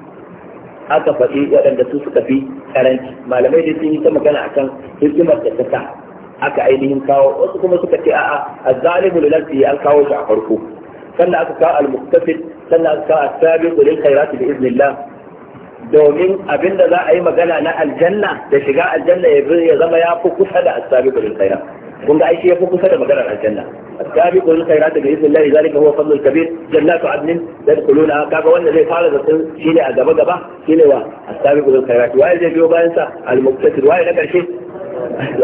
aka faɗi waɗanda su suka fi karanci malamai da sun yi ta magana akan hikimar da ta sa aka ainihin kawo wasu kuma suka ce a'a A zalimu da nafsihi an kawo shi a farko sannan aka kawo al sannan aka kawo as-sabiqu lil khairati bi idnillah domin abinda za a yi magana na aljanna da shiga aljanna ya zama ya fi kusa da as-sabiqu lil khairat kun ga aiki ya fi kusa da maganar aljanna ta bi kullu khairat da yusul lahi zalika huwa fadlul kabir jannatu adnin yadkhuluna kaga wanda zai fara da sun shine a gaba gaba shine wa astabi kullu khairat wa zai biyo bayan sa al muqtasid wa ya karshe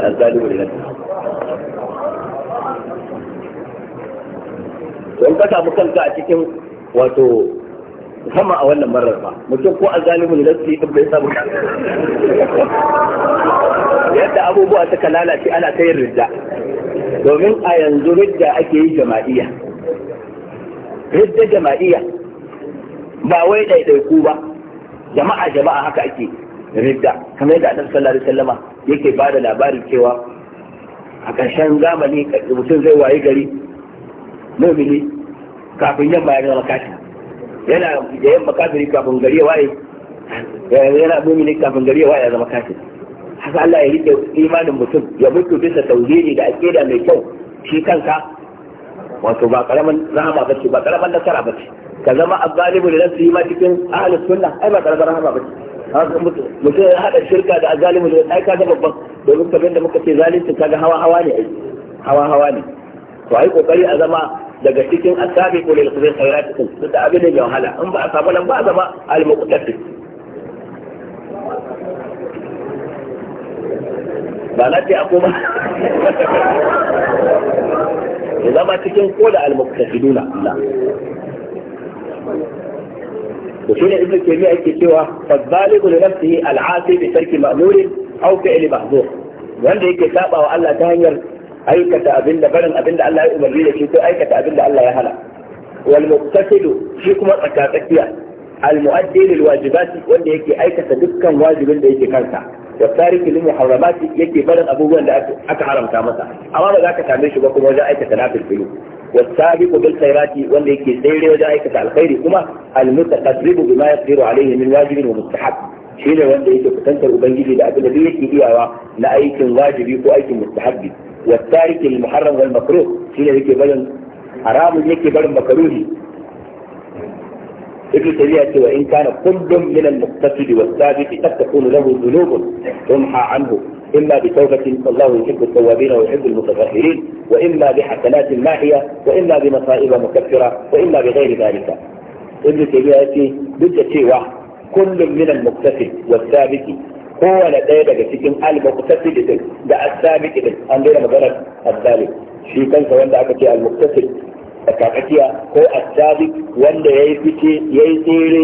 azali wurin don ka samu kanka a cikin wato sama a wannan marar ba mutum ko azali wurin da su yi ɗin bai samu yadda abubuwa suka lalace ana ta yin ridda domin a yanzu ridda ake yi jama'iyya ridda jama'iyya ba wai ɗaiɗaiku ba jama'a jama'a haka ake ridda kamar yadda annabi sallallahu alaihi wasallama yake ba da labarin cewa a ƙarshen zamani mutum zai waye gari mumini kafin yamma ya zama kashi yana da yamma kafiri kafin gari ya waye yana mumini kafin gari ya waye ya zama kashi. haka Allah ya rike imanin mutum ya mutu bisa tauhidi da aqida mai kyau shi kanka wato ba karaman rahama ba ce ba karaman nasara ce ka zama azzalimu da nasu ma cikin ahlus sunna ai ba karaman rahama ba ce mutum ya hada shirka da azzalimu da ai zama babban domin kamar da muka ce ka ga hawa hawa ne ai hawa hawa ne to ai kokari a zama daga cikin asabi ko lil khairat kun da abin da ya wahala in ba a samu nan ba a zama al ba na ce ako ba ya zama cikin ko da almuktafiduna Allah da shi ne ibnu taymiya yake cewa fadbaligu li nafsihi al'asi bi tarki ma'mur aw fi'li mahzur wanda yake saba wa Allah ta hanyar aikata abinda barin da Allah ya umarni da shi ko aikata abin da Allah ya hana wal muqtasidu shi kuma tsaka tsakiya al mu'addi lil wajibati wanda yake aikata dukkan wajibin da yake kansa wa tariki lil muharramat yake barin abubuwan da aka haramta masa amma ba za ka same shi ba kuma wajen aikata nafil filu والسابق بالخيرات والذي سيري وجاءك الخير كما المتقرب بما min عليه من واجب ومستحب شيء wanda yake kusantar ubangiji da abin da yake iyawa na aikin wajibi ko aikin mustahabbi wa tariki al muharram wal makruh shine yake barin haramun yake barin makruhi ابن تيمية وإن كان كل من المقتصد والثابت قد تكون له ذنوب تمحى عنه إما بتوبة الله يحب التوابين ويحب المتظاهرين وإما بحسنات ماحية وإما بمصائب مكفرة وإما بغير ذلك ابن تيمية ضد cewa كل من المقتصد والثابت هو لدي daga cikin al-muqtasid din da as-sabiq din an daina maganar as المقتصد tsakatsakiya ko attabi wanda ya yi fice ya yi tsere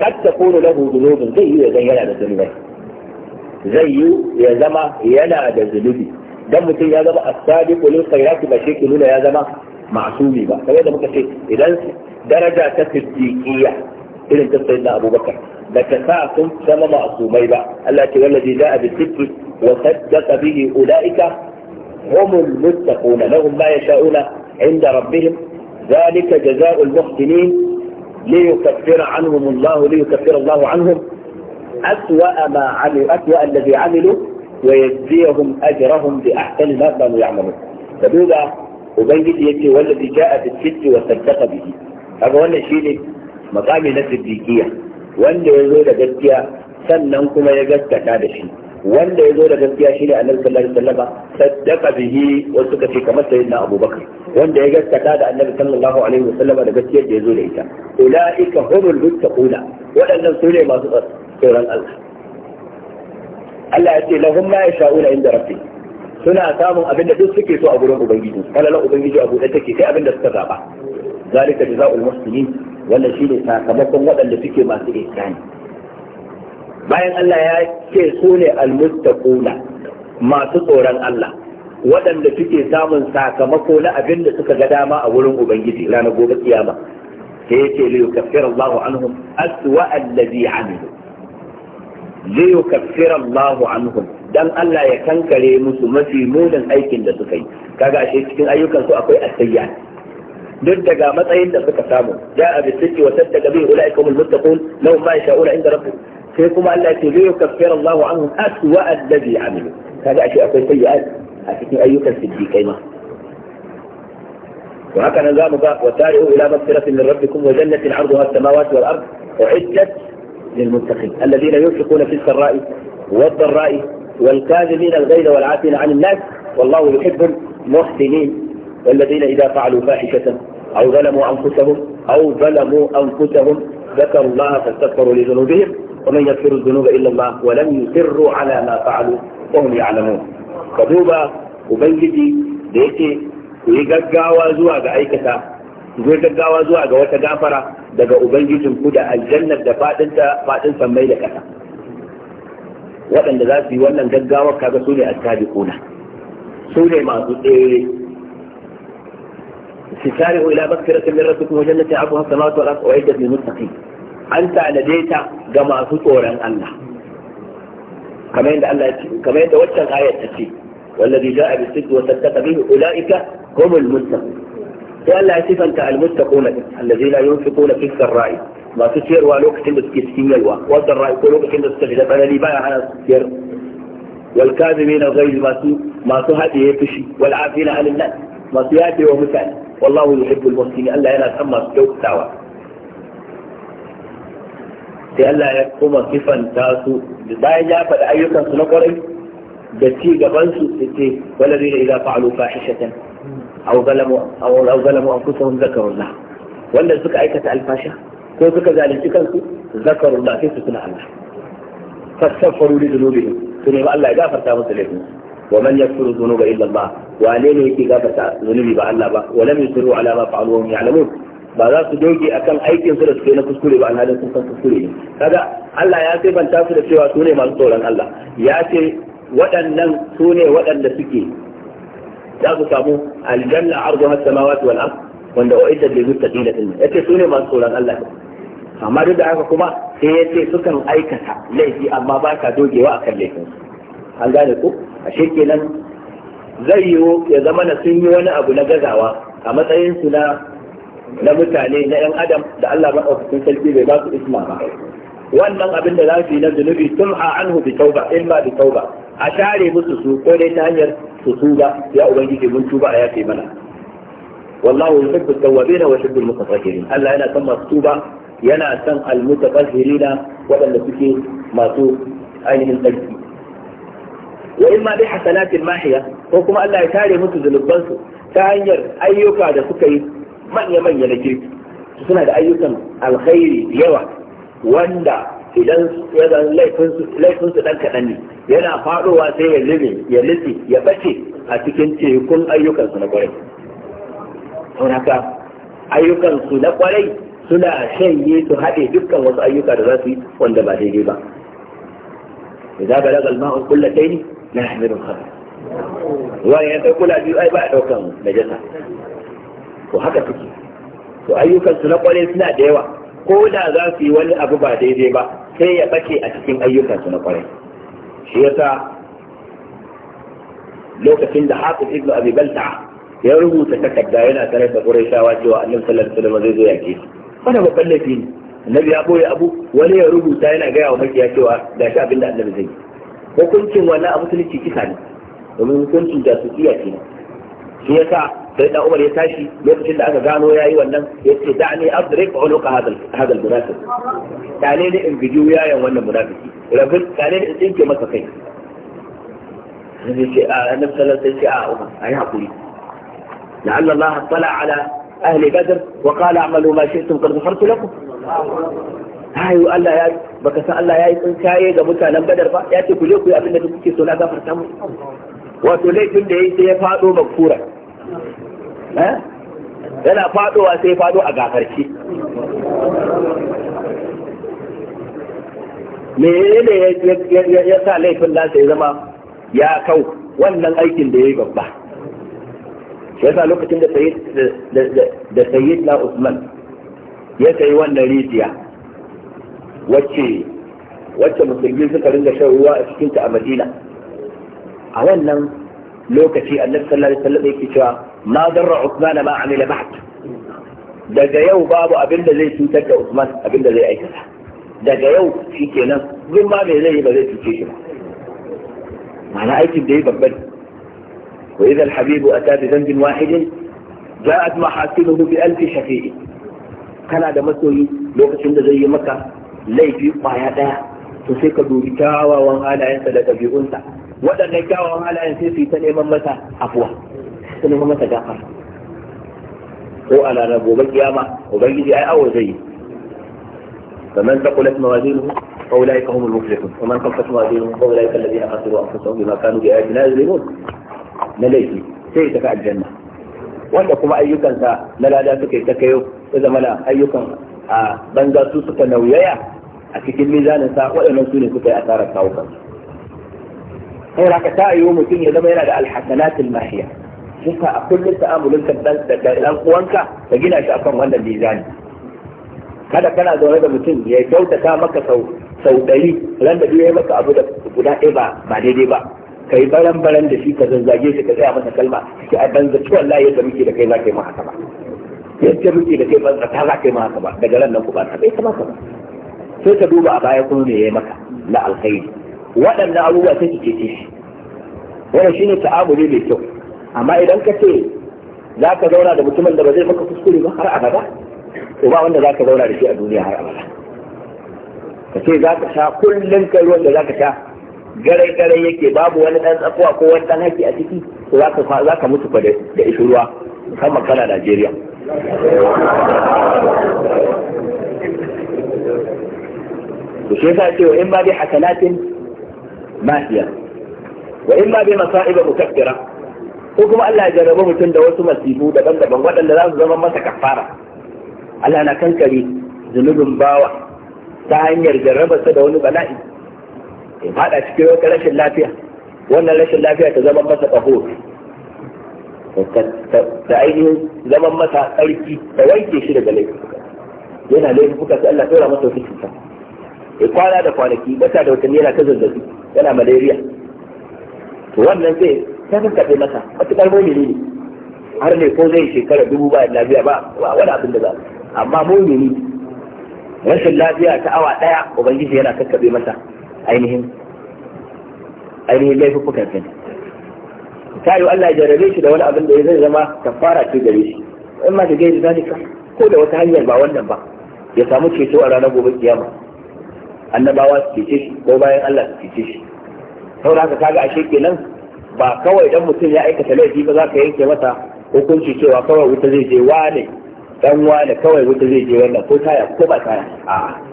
kad ta kone na zunubin zai yi ya zan yana da zunubai zai yi ya zama yana da zunubi dan mutum ya zama attabi kulin ya ba shi nuna ya zama masumi ba kamar da muka ce idan daraja ta siddiqiyya irin ta sayyidina abubakar ba ta sa sun zama masumai ba Allah ce wallazi da bi sidqi wa saddaqa bihi ulaika هم المتقون لهم ما يشاءون inda ربهم ذلك جزاء المحسنين ليكفر عنهم الله ليكفر الله عنهم أسوأ ما عملوا أسوأ الذي عملوا ويجزيهم أجرهم بأحسن ما كانوا يعملون فبيقى أبي يدي والذي جاء بالست وصدق به هذا هو الشيء مقامي نفس الديكية وأن يزول جزية سنة كما يجزك هذا الشيء wanda ya zo da gaskiya shine annabi sallallahu alaihi wasallam saddaqa bihi wa suka ce kamar sayyidina abubakar wanda ya gaskata da annabi sallallahu alaihi wasallam da gaskiyar da ya zo da ita ulaika humul muttaquna waɗannan su ne masu tsoron Allah Allah ya ce lahum ma yasha'una inda rabbi suna samun abin da duk suke so a gurin ubangiji kalalan ubangiji a buɗe take sai abin da suka zaba zalika jazaa'ul muslimin wannan shine sakamakon waɗanda suke masu ihsani bayan Allah ya ce su ne almuttaquna masu tsoron Allah waɗanda suke samun sakamako na abin da suka ga dama a wurin ubangiji ranar gobe kiyama sai yace li yukaffira Allahu anhum aswa allazi amilu li yukaffira Allahu anhum dan Allah ya kankare musu mafi munin aikin da suka yi kaga ashe cikin ayyukan su akwai asayya duk daga matsayin da suka samu ja'a bisirri wa saddaqa bihi ulaiikumul muttaqun lahum ma sha'ula inda rabbihim فيكم ألا يكفر الله عنهم أسوأ الذي عملوا هذا أشياء في سيئات أشياء أي يكسب بي كيما وهكذا نظام وتارعوا إلى مغفرة من ربكم وجنة عرضها السماوات والأرض أعدت للمتقين الذين ينفقون في السراء والضراء والكاذبين الغيظ والعافين عن الناس والله يحب المحسنين والذين إذا فعلوا فاحشة أو ظلموا أنفسهم أو ظلموا أنفسهم ذكروا الله فاستغفروا لذنوبهم ومن يغفر الذنوب إلا الله ولم يصروا على ما فعلوا وهم يعلمون فدوبا ubangiji da yake ku yi gaggawa zuwa ga aikata ku yi gaggawa zuwa ga wata gafara daga ubangijin ku da aljannar da fadinta fadin sammai da kasa waɗanda za su yi wannan gaggawa kaga su ne attabiquna su ne masu tsere سفاره إلى مذكرة من ربكم وجنة عبوها الصلاة والأرض وعيدة للمتقين أنت لديت كما تطور عن الله كما يند الله كما يند وجه الآية تسي والذي جاء بالصدق وصدق به أولئك هم المتقون قال لا يسيف أنت المتقون الذي لا ينفقون في السراء ما تسير والوك تندس كسكين الواء وضر رأي قلوك تندس تجد أنا لي بايا أنا والكاذبين غير ما تهديه في شيء والعافين عن الناس masu yafe wa mutane wallahu yuhibbul muhsinin Allah yana son masu kyautatawa sai Allah ya kuma sifanta su bayan ya faɗi ayyukansu na kwarai da ci gabansu su ce walari da idan fa'alu fahishatan aw zalamu aw zalamu anfusahum zakarullah wanda suka aikata alfasha ko suka zalunci kansu zakarullah sai su tuna Allah fastaghfiru li dhunubihim to ne Allah ya gafarta musu laifinsu wa man yaghfiru dhunuba illa Allah wane ne yake gafarta zunubi ba Allah ba wa lam yusiru ala ma fa'alu wa ya'lamun ba za su doge a kan aikin su da suke na kuskure ba alhalin sun san kuskure ne kaga Allah ya sai banta su da cewa su ne masu tsoron Allah ya ce waɗannan su ne waɗanda suke za su samu aljanna ardu has samawati wal ard wanda wa'idda lil muttaqin din yace su ne masu tsoron Allah amma duk da haka kuma sai yace sukan aikata laifi amma ba ka dogewa akan laifin su an gane ko ashe kenan zai yiwu ya zama na sun yi wani abu na gazawa a matsayin su na na mutane na yan adam da Allah maɗaukakin sarki bai ba su isma ba wannan abin da za su yi na zunubi tun a anhu bi tauba in ba bi tauba a share musu su ko dai ta hanyar su tuba ya ubangiji mun tuba a yafe mana wallahu yuhibbu at-tawwabin wa yuhibbu al-mutatahhirin Allah yana son masu tuba yana son al-mutatahhirina waɗanda suke masu ainihin tsarki wa in ma bi hasanatin mahiya ko kuma Allah ya tare musu zunuban su ta hanyar ayyuka da suka yi manya manya na kirki suna da ayyukan alkhairi yawa wanda idan ya zan laifin su dan kaɗan yana faɗowa sai ya ya litsi bace a cikin tekun ayyukansu na kwarai don haka ayyukansu na kwarai suna shanye su haɗe dukkan wasu ayyuka da za su yi wanda ba daidai ba إذا بلغ الماء القلتين na hamirin khabar ruwan ya ɗauko labiyu ai ba a ɗaukan najasa to haka suke to su na ƙwarai suna da yawa ko da za su yi wani abu ba daidai ba sai ya ɓace a cikin ayyukan su na ƙwarai shi yasa lokacin da hafiz ibnu abi balta ya rubuta takarda yana sanar da quraishawa cewa annabi sallallahu alaihi wasallam zai zo yake wannan babban laifi ne annabi ya boye abu wani ya rubuta yana gaya wa makiya cewa da shi abinda annabi zai yi hukuncin wannan a musulunci kisa ne domin hukuncin jasusiya ke shi yasa sai da Umar ya tashi lokacin da aka gano yayi wannan ya ce da ne adrik uluka hadal hadal munafiq tale ne in bidiyo yayan wannan munafiki rabin tale ne in tsinke masa kai sai ce a annabi sallallahu alaihi wasallam sai ce a Umar ayi hakuri la'alla Allah tala ala ahli badr wa qala a'malu ma shi'tum qad ghafartu lakum ayo Allah ya baka san Allah ya yi kaye ga mutanen badar ba ya ce ku je ku yi abin da kuke so na gafarta mu wato laifin da yayi sai ya fado makura? eh yana fadowa sai ya fado a gafarci menene ya sa laifin nasa sai zama ya kau wannan aikin da yayi babba yasa lokacin da sayyid da sayyid na Usman ya kai wannan rijiya wacce wacce musulmi suka ringa shan ruwa a cikin ta a Madina a wannan lokaci Annabi sallallahu alaihi wasallam yake cewa ma darra Uthman ma amila ba'd daga yau babu abin da zai cutar da usman abin da zai aikata daga yau shikenan duk ma me zai yi ba zai cuce shi ba ma'ana aikin da yi babban wa idza al-habibu ata bi dhanbin wahidin ja'at mahasibuhu bi alfi shafi'i kana da masoyi lokacin da zai yi maka laifi kwaya ɗaya to sai ka dubi kyawawan halayensa da ɗabi'unsa waɗannan kyawawan halayen sai su yi ta neman masa afuwa ta neman masa gafara ko a ranar gobe kiyama ubangiji ai awo zai yi فمن ثقلت موازينه فاولئك هم المفلحون ومن خفت موازينه فاولئك الذين خسروا انفسهم بما كانوا باياتنا يظلمون na laifi sai ya tafi aljanna wanda kuma ayyukansa na lada suka yi ta kayo ya zama na ayyukan a banza su suka nauyaya a cikin mizanin sa waɗannan su ne suka yi asarar kawo kansu saboda ta wa mutum ya zama yana da alhasanatul mahiya suka a kullum ta'amulin ka dan uwanka ka gina shi akan wannan mizani kada kana zaune da mutum ya kyautata maka sau sau ɗari ran da ya maka abu da guda ɗaya ba ba daidai ba ka yi baran baran da shi ka zazzage shi ka tsaya masa kalma ki a banza ciwon layi da muke da kai za ka yi maka ba yadda rufe da kai banza ta za ka yi maka ba daga ran nan ku ba bai kamata ba sai ka duba a baya kuma me yayi maka na alkhairi waɗannan abubuwa sai kike ce shi wannan shine ta'amuli mai kyau amma idan ka ce za ka zauna da mutumin da ba zai maka kuskure ba har abada to ba wanda za ka zauna da shi a duniya har abada ka ce za ka sha kullum kai ruwan da za ka sha garai garai yake babu wani ɗan tsakuwa ko wani ɗan haki a ciki to za ka mutu fa da ruwa Kan kana Najeriya to shi yasa ce wa in ma bi hasanatin mafiya wa in ma bi masa'iba mukaffira ko kuma Allah ya jarraba mutum da wasu masifu daban-daban waɗanda za su zama masa kafara Allah na kankare zunubin bawa ta hanyar jarrabarsa da wani bala'i ya faɗa cikin wata rashin lafiya wannan rashin lafiya ta zama masa ƙaho da ainihin zaman masa tsarki da wanke shi daga laifuka yana fuka sai Allah ɗora masa wasu cuta ya kwana da kwanaki wata da watanni yana ta zazzabi yana malaria to wannan zai ta kakkaɓe masa wata mumini ne har ne ko zai shekara dubu ba lafiya ba wani abin da ba amma ne rashin lafiya ta awa ɗaya ubangiji yana kakkaɓe masa ainihin ainihin laifukan sani ta yi Allah ya jarabe shi da wani abin da zai zama kafara ce gare shi in ma da zalika ko da wata hanyar ba wannan ba ya samu ceto a ranar gobe kiyama annabawa su cece shi ko bayan Allah su cece shi saboda haka kaga ashe kenan ba kawai dan mutum ya aikata laifi ba za ka yanke masa hukunci cewa kawai wuta zai je wane dan wane kawai wuta zai je wannan ko taya ko ba taya a'a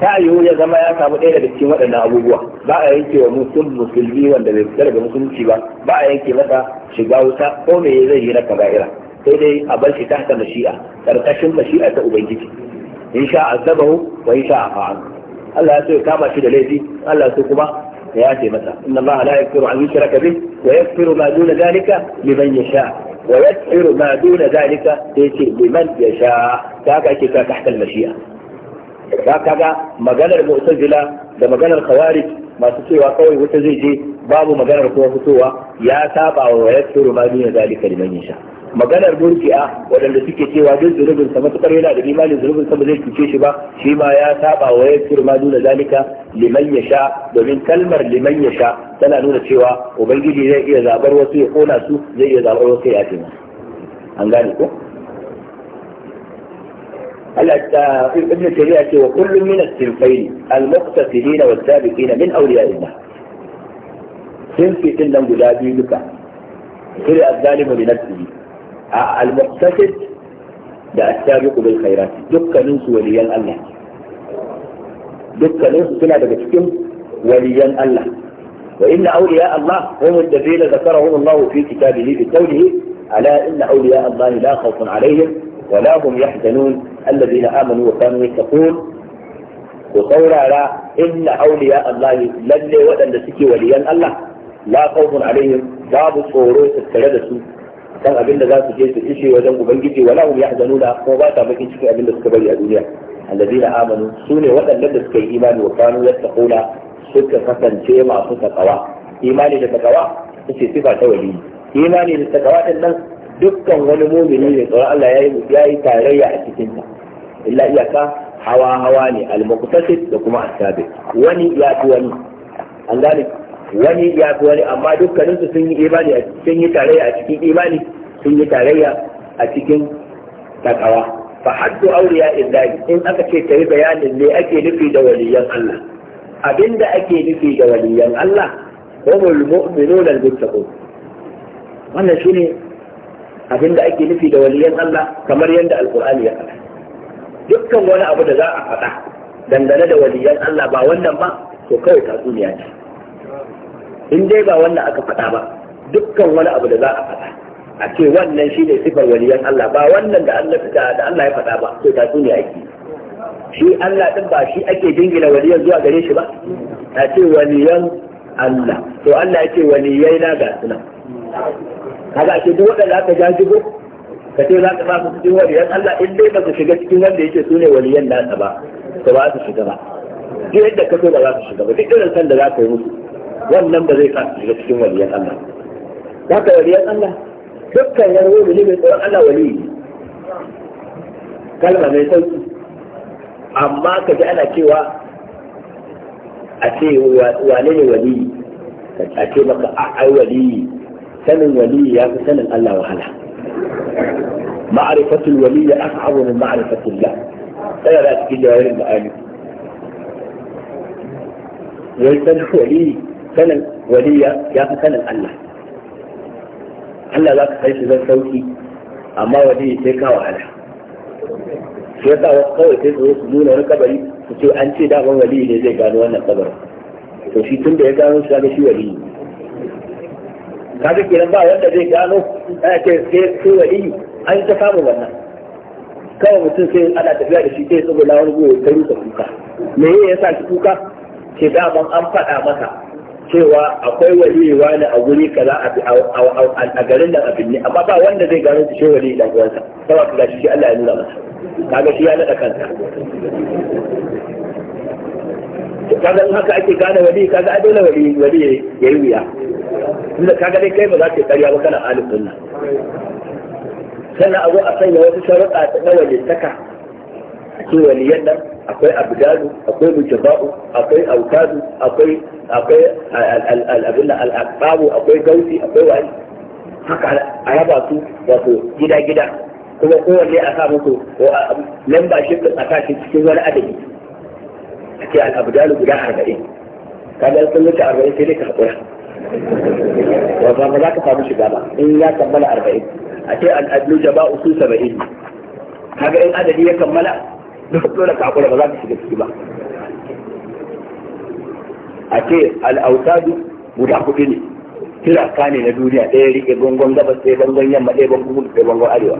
ta yiwu ya zama ya samu ɗaya daga cikin waɗannan abubuwa ba a yanke wa mutum musulmi wanda bai fita daga musulunci ba ba a yanke masa shiga wuta ko me zai yi na kaba'ira sai dai a bar shi tahta mashi'a karkashin mashi'a ta ubangiji in sha azabahu wa in sha afa'an Allah ya so ya kama shi da laifi Allah ya so kuma ya yace masa inna Allah la yaghfiru an yushraka bih wa yaghfiru ma duna zalika liman yasha ويسعر ما دون ذلك لمن يشاء ذاك كيف تحت المشيئة za ka ga maganar mu'tazila da maganar khawarij masu cewa kawai wuta zai je babu maganar kuma fitowa ya saba wa tsoro ma duniya zalika liman sha. maganar murji'a waɗanda suke cewa duk zunubin sa matukar yana da imanin zunubin sa ba zai cuce shi ba shi ma ya saba wa tsoro ma duniya zalika liman sha. domin kalmar liman sha tana nuna cewa ubangiji zai iya zabar wasu ya kona su zai iya zabar wasu ya yafe an gane ko ابن سيئتي وكل من السنفين المقتصدين والسابقين من أولياء الله سنفي تنم ولادي لك كل الظالم لنفسه المقتصد دا السابق بالخيرات دك نوس وليا الله دك نوس سنع بكتكم وليا الله وإن أولياء الله هم الذين ذكرهم الله في كتابه بقوله قوله ألا إن أولياء الله لا خوف عليهم ولا هم يحزنون الذين آمنوا وكانوا يتقون وصورا إن أولياء الله لن وأن سكي وليا الله لا خوف عليهم باب صورو تتكلدسوا kan abin da za su je su ishe wajen ubangiji wala hum yahzanuna ko ba ta bakin cikin abin da suka bari a duniya alladina amanu sune waɗannan da suka yi imani wa kanu yattaquna suka kasance masu takawa imani da takawa ita sifa ta wali imani da takawa din nan dukkan wani mumini ne tsoron Allah ya yi tarayya a cikinta illa iyaka hawa hawa ne al-muqtasid da kuma as-sabiq wani ya fi wani an gane wani ya fi wani amma dukkanin su sun yi imani sun yi tarayya a cikin imani sun yi tarayya a cikin takawa fa haddu awliya illahi in aka ce kai bayanin me ake nufi da waliyan Allah abinda ake nufi da waliyan Allah humul mu'minun al-muttaqun wannan shine abinda ake nufi da waliyan Allah kamar yadda alkur'ani ya faɗa dukkan wani abu da za a faɗa dangane da waliyan Allah ba wannan ba to kawai tatsuniya ce in dai ba wannan aka faɗa ba dukkan wani abu da za a faɗa a ce wannan shi ne sifar waliyan Allah ba wannan da Allah da Allah ya faɗa ba to tatsuniya ce shi Allah din ba shi ake dingina waliyan zuwa gare shi ba a ce waliyan Allah to Allah ya ce waliyai na ga sunan kaga ake duk waɗanda aka jajibo ka ce za ka sa su cikin waliyan Allah in dai ba su shiga cikin wanda yake su ne waliyan da ba to ba su shiga ba duk yadda ka so ba za su shiga ba duk irin san da za ka yi musu wannan ba zai sa su shiga cikin waliyan Allah Ba haka waliyan Allah dukkan wani wani mai tsoron Allah waliyi kalma mai sauki amma ka ji ana cewa a ce wane ne waliyi a ce maka ai waliyi سنن ولي يا سنن الله وحلا معرفة الولي أصعب من معرفة الله أنا لا أتكيل لغير المآلف ويسن ولي سنن ولي يا سنن الله هلا لا تخيص ذا سوكي أما ولي تيكا وحلا شوطا وقوة تيكو يسلون ونكبري فتو أنت دعوة ولي لذي أنا قبر فشي تنبه قانو شاكشي ولي ولي kaga kenan ba wanda zai gano ana eh, ce sai sai wani an ta samu wannan kawai mutum sai ana tafiya da shi sai tsubu wani goyo ta rusa kuka me ya sa ki kuka Ke daman an faɗa masa cewa akwai waliwa ne a guri kaza a garin da abin ne amma ba wanda zai gano shi wali da uwansa gashi shi Allah ya nuna masa kaga shi ya nada kanta kaga in haka ake gane wali kaga ai dole wali wali yi wuya inda kaga dai kai ba za ka karya ba kana alim sunna sannan a zo a sanya wasu sharuɗa ta na walittaka a ce wali yadda akwai abdalu akwai mujaba'u akwai autadu akwai akwai al'abinna al'aqabu akwai gausi akwai wani haka a raba su wato gida gida kuma kowanne a sa musu membership a sa cikin wani adadi Ake al'abdalu guda arba'in ka ga sun wuce arba'in sai dai ka haƙura wato ba za ka samu shiga ba in ya kammala arba'in a ce al'adlu jaba usu saba'in kaga in adadi ya kammala dole ka haƙura ba za ka shiga ciki ba a ce al'autadu guda kuɗi ne turaka ne na duniya ɗaya riƙe gongon gabas ɗaya gongon yamma ɗaya gongon kudu ɗaya gongon arewa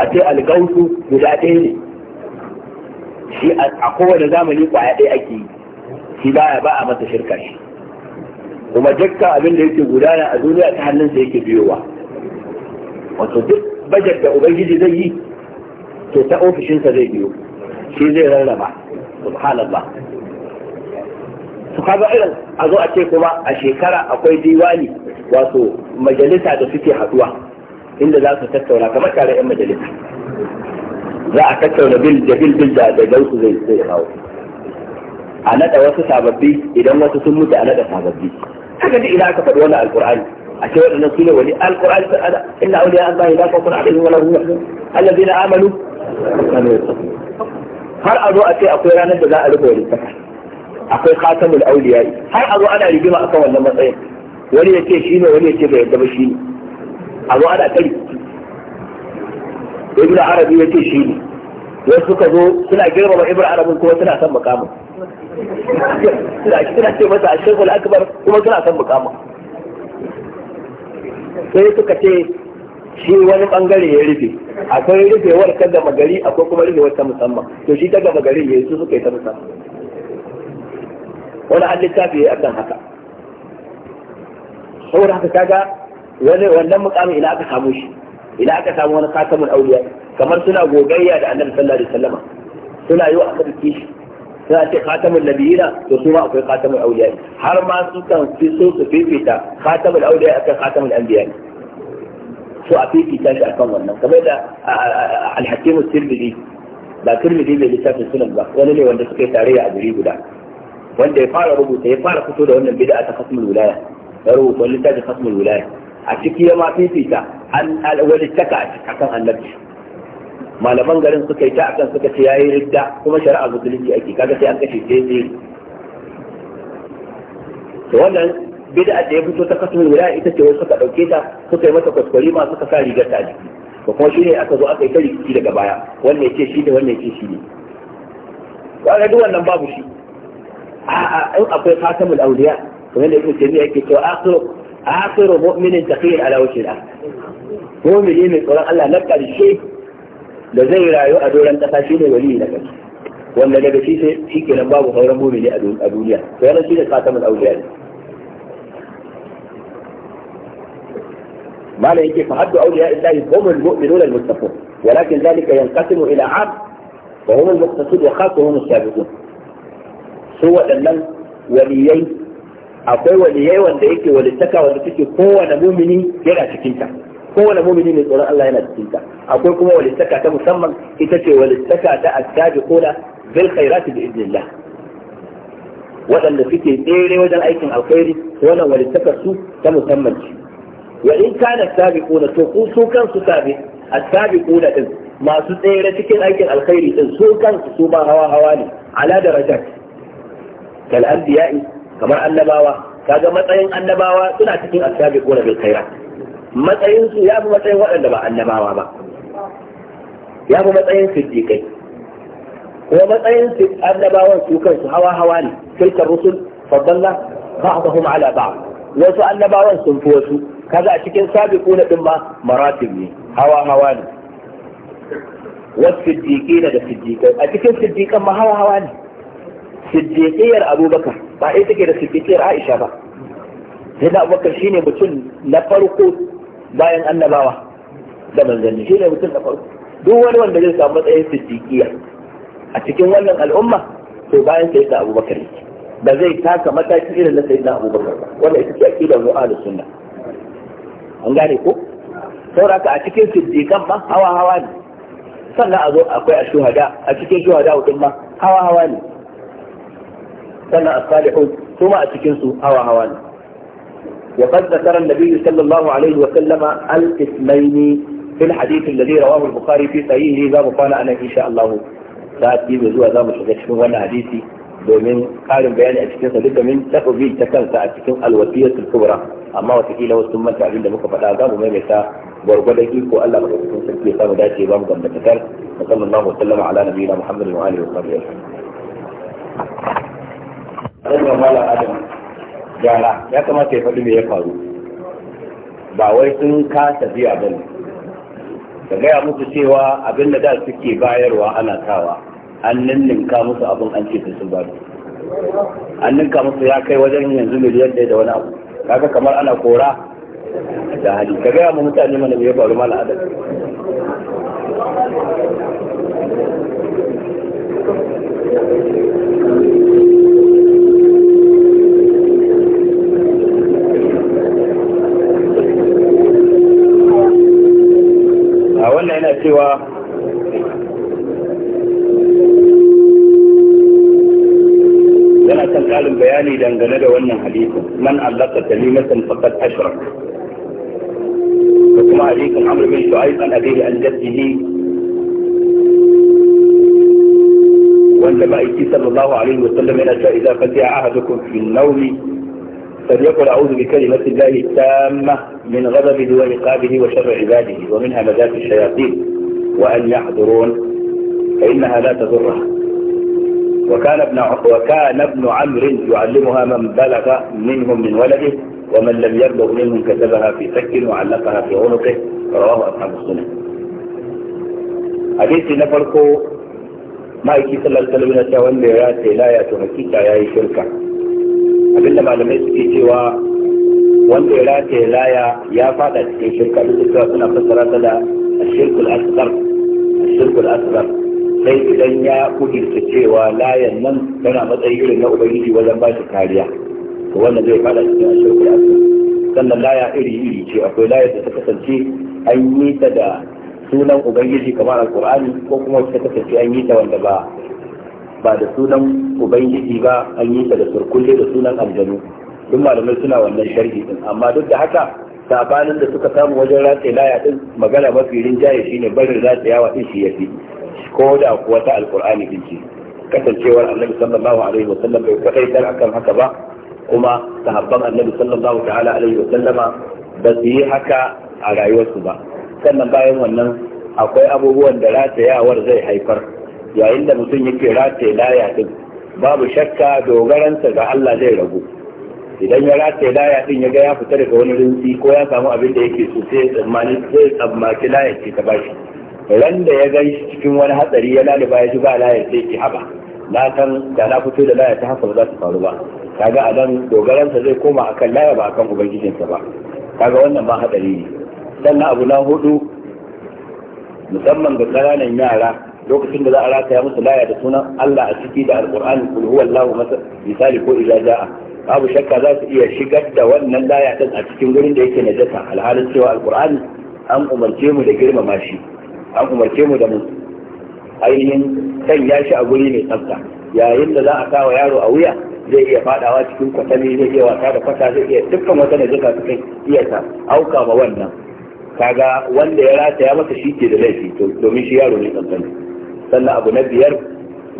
a ce algausu guda ɗaya ne shi a kowane zamani kwaya ɗaya ake yi shi baya ba a masa shirka shi kuma dukkan abin da yake gudana a duniya ta hannunsa yake biyowa wato duk bajet da ubangiji zai yi to ta ofishinsa zai biyo shi zai rarraba subhanallah su irin a zo a ce kuma a shekara akwai diwani wato majalisa da suke haduwa inda za su tattauna kamar tare 'yan majalisa za a tattauna bil da bil bil da da gausu zai zai kawo a nada wasu sababbi idan wasu sun mutu a nada sababbi haka duk idan aka faɗi wannan alqur'ani a ce waɗannan su ne wani alqur'ani ta ada inna awliya allahi la khawfun alaihim wa la hum yahzanun alladhina amanu har a zo a ce akwai ranar da za a rufe wani akwai khatamul awliya har a zo ana rigima akan wannan matsayin wani ya ce shi ne wani ya ce bai yadda ba shi ne a zo ana ta ibn arabi ya ce shi ne wai suka zo suna girmama ibra arabin kuma suna son mukamin suna ce masa a ashekul akbar kuma suna son mukamin sai suka ce shi wani bangare ya rufe akwai rufewar ta gama gari akwai kuma rufewar ta musamman to shi ta gama gari ya su suka yi ta musamman wani an littafi ya akan haka saboda haka kaga wani wannan mukamin ina aka samu shi idan aka samu wani katamun auliya kamar suna gogayya da annabi sallallahu alaihi wasallama suna yi wa annabi kishi suna ce katamun nabiyina to su ma akwai katamun auliya har ma su kan fi so su fifita katamun auliya akan katamun anbiya so a fifita shi akan wannan kamar da alhakimu tirmidhi ba tirmidhi mai littafin sunan ba wani ne wanda suka yi tarayya a guri guda wanda ya fara rubuta ya fara fito da wannan bid'a ta khasmul wilaya ya rubuta wani littafin khasmul wilaya a ciki ya ma fifita An walittaka a kan annabi malaman garin suka yi ta akan suka ce yayi ridda kuma shari'a musulunci ake kaga sai an kashe sai sai to wannan bid'a da ya fito ta kasu wira ita ce suka dauke ta suka yi mata kwaskwari ma suka sa rigar ta jiki to kuma shine aka zo aka yi tari ki daga baya wannan ya ce shi da wannan ya ce shi ne kaga duk wannan babu shi a'a in akwai khatamul awliya kamar da yake ce ne yake to akhiru آخر مؤمن تقيل على وجه الأرض مؤمن إيه من الله لك نبقى للشيء لا رايو لن تفاشيني ولي لك وأن لك شيء شيء باب غير مؤمن أدوليا فأنا شيء خاتم الأولياء ما لا يجي فحد أولياء الله هم المؤمنون المتقون ولكن ذلك ينقسم إلى عبد وهم المقتصد وخاصة هم السابقون سوى أن وليين akwai wani waliyai wanda yake walittaka wanda take kowane mumini yana cikin ta kowane mumini mai tsoron Allah yana cikin ta akwai kuma walittaka ta musamman ita ce walittaka ta attabiquna bil khairati bi idnillah waɗanda suke tsere wajen aikin alkhairi wannan walittakar su ta musamman ce wa in kana sabiquna to ku su kansu sabi attabiquna din masu tsere cikin aikin alkhairi din su kansu su ba hawa hawa ne ala darajat kal anbiya'i kamar annabawa kaga matsayin annabawa suna cikin ashabi ko bil khairat matsayin su ya fi matsayin waɗanda ba annabawa ba ya fi matsayin siddiqai kuma matsayin annabawan su kansu hawa hawa ne tilka rusul faddalla ba'dahum ala ba'd wasu annabawan sun fi wasu kaga a cikin sabiquna din ma maratib ne hawa hawa ne wasu siddiqina da siddiqai a cikin siddiqan ma hawa hawa ne siddiqiyar abubakar ba ita take da siddiqiyar aisha ba sai da abubakar shine mutum na farko bayan annabawa da manzanni ne mutum na farko duk wani wanda zai samu matsayin siddiqiya a cikin wannan al'umma to bayan sai da abubakar ba zai taka mataki irin na sayyidina abubakar ba wanda ita ce aqidar ru'alus sunna an gane ko sauraka a cikin siddiqan ma hawa hawa ne sannan a zo akwai a shuhada a cikin shuhada hudun ma hawa hawa ne sana as-salihun a cikin su hawa hawa ne وقد ذكر النبي صلى الله عليه وسلم الاسمين في الحديث الذي رواه البخاري في صحيحه ذا قال انا ان شاء الله ساتي وزوا ذا cikin wannan حديثي domin karin bayani a cikinsa duka min takobi ta kansa a cikin alwasiyatul kubra amma watakila wasu sun manta abin muka faɗa za mu maimaita gwargwadon iko Allah madaukakin sarki ya samu dace ba mu gambatakar wa sallallahu alaihi wa sallam ala nabiyina muhammadin wa alihi wa sahbihi sai malam adam gyara ya kamata ya faɗi mai ya faru ba wai sun kasa biya ba ne ka gaya musu cewa abin da da suke bayarwa ana sawa an ninninka musu abin an ce su ba an ninka musu ya kai wajen yanzu miliyan ɗaya da wani abu kaga kamar ana kora da hali ka gaya mu mutane mana mai ya faru malam adam a wannan yana cewa yana kan ƙarin bayani dangane da wannan hadisin man allaka kalimatan faqad ashrak da kuma hadisin amr bin shu'aib an abihi an jaddihi wanda ma'aiki sallallahu alaihi wasallam yana cewa idza fatiha ahadukum fi an-nawmi فليقل أعوذ بكلمة الله التامة من غضبه وعقابه وشر عباده ومنها همزات الشياطين وأن يحضرون فإنها لا تضره وكان ابن وكان ابن عمرو يعلمها من بلغ منهم من ولده ومن لم يبلغ منهم كتبها في سك وعلقها في عنقه رواه أصحاب السنة حديث نفرقه ما يكي صلى الله عليه وسلم يا لا يا تهكيك يا شركة ما لم suke سوى wanda ya ya laya ya fada cikin shirka duk da suna fassara ta da shirkul asghar shirkul asghar sai idan ya kudirta cewa layan nan tana matsayin irin na ubangiji wajen ba shi kariya to wannan zai fada cikin shirkul asghar sannan laya iri iri ce akwai laya da ta kasance an yi ta da sunan ubangiji kamar alqur'ani ko kuma ta kasance an yi ta wanda ba ba da sunan ubangiji ba an yi ta da surkulle da sunan aljanu duk malamai suna wannan sharhi din amma duk da haka sabanin da suka samu wajen ratse laya din magana mafi rinjaye shine barin ratsayawa din shi yafi ko da kuwa ta alqur'ani din ce kasancewar annabi sallallahu alaihi wa sallam bai kwadaitar akan haka ba kuma sahabban annabi sallallahu ta'ala alaihi wa sallama ba su yi haka a rayuwarsu ba sannan bayan wannan akwai abubuwan da ratayawar zai haifar yayin da mutum yake rataye laya din babu shakka dogaransa ga Allah zai ragu idan ya rataye laya din ya ga ya fita daga wani rinsi ko ya samu abin da yake so sai tsammani sai tsammaki laya ce ta bashi ran ya gan cikin wani hatsari ya laliba ya ji ba laya sai ki haba na san da na fito da laya ta haka ba za ta faru ba kaga a nan dogaransa zai koma akan laya ba akan ubangijinsa ba kaga wannan ba hatsari ne sannan abu na hudu musamman ga ƙananan yara lokacin da za a rataya musu laya da sunan Allah a ciki da alƙur'ani kul huwallahu misali ko idza ja'a babu shakka za su iya shigar da wannan laya a cikin gurin da yake najasa alhalin cewa alkur'ani an umarce mu da girmama shi an umarce mu da mu ainihin sanya shi a guri mai tsafta yayin da za a kawo yaro a wuya zai iya fadawa cikin kwatami zai iya wasa da kwata zai iya dukkan wata najasa su kan iya ta auka ma wannan kaga wanda ya rataya masa shi ke da laifi domin shi yaro ne tsantsan sannan abu na biyar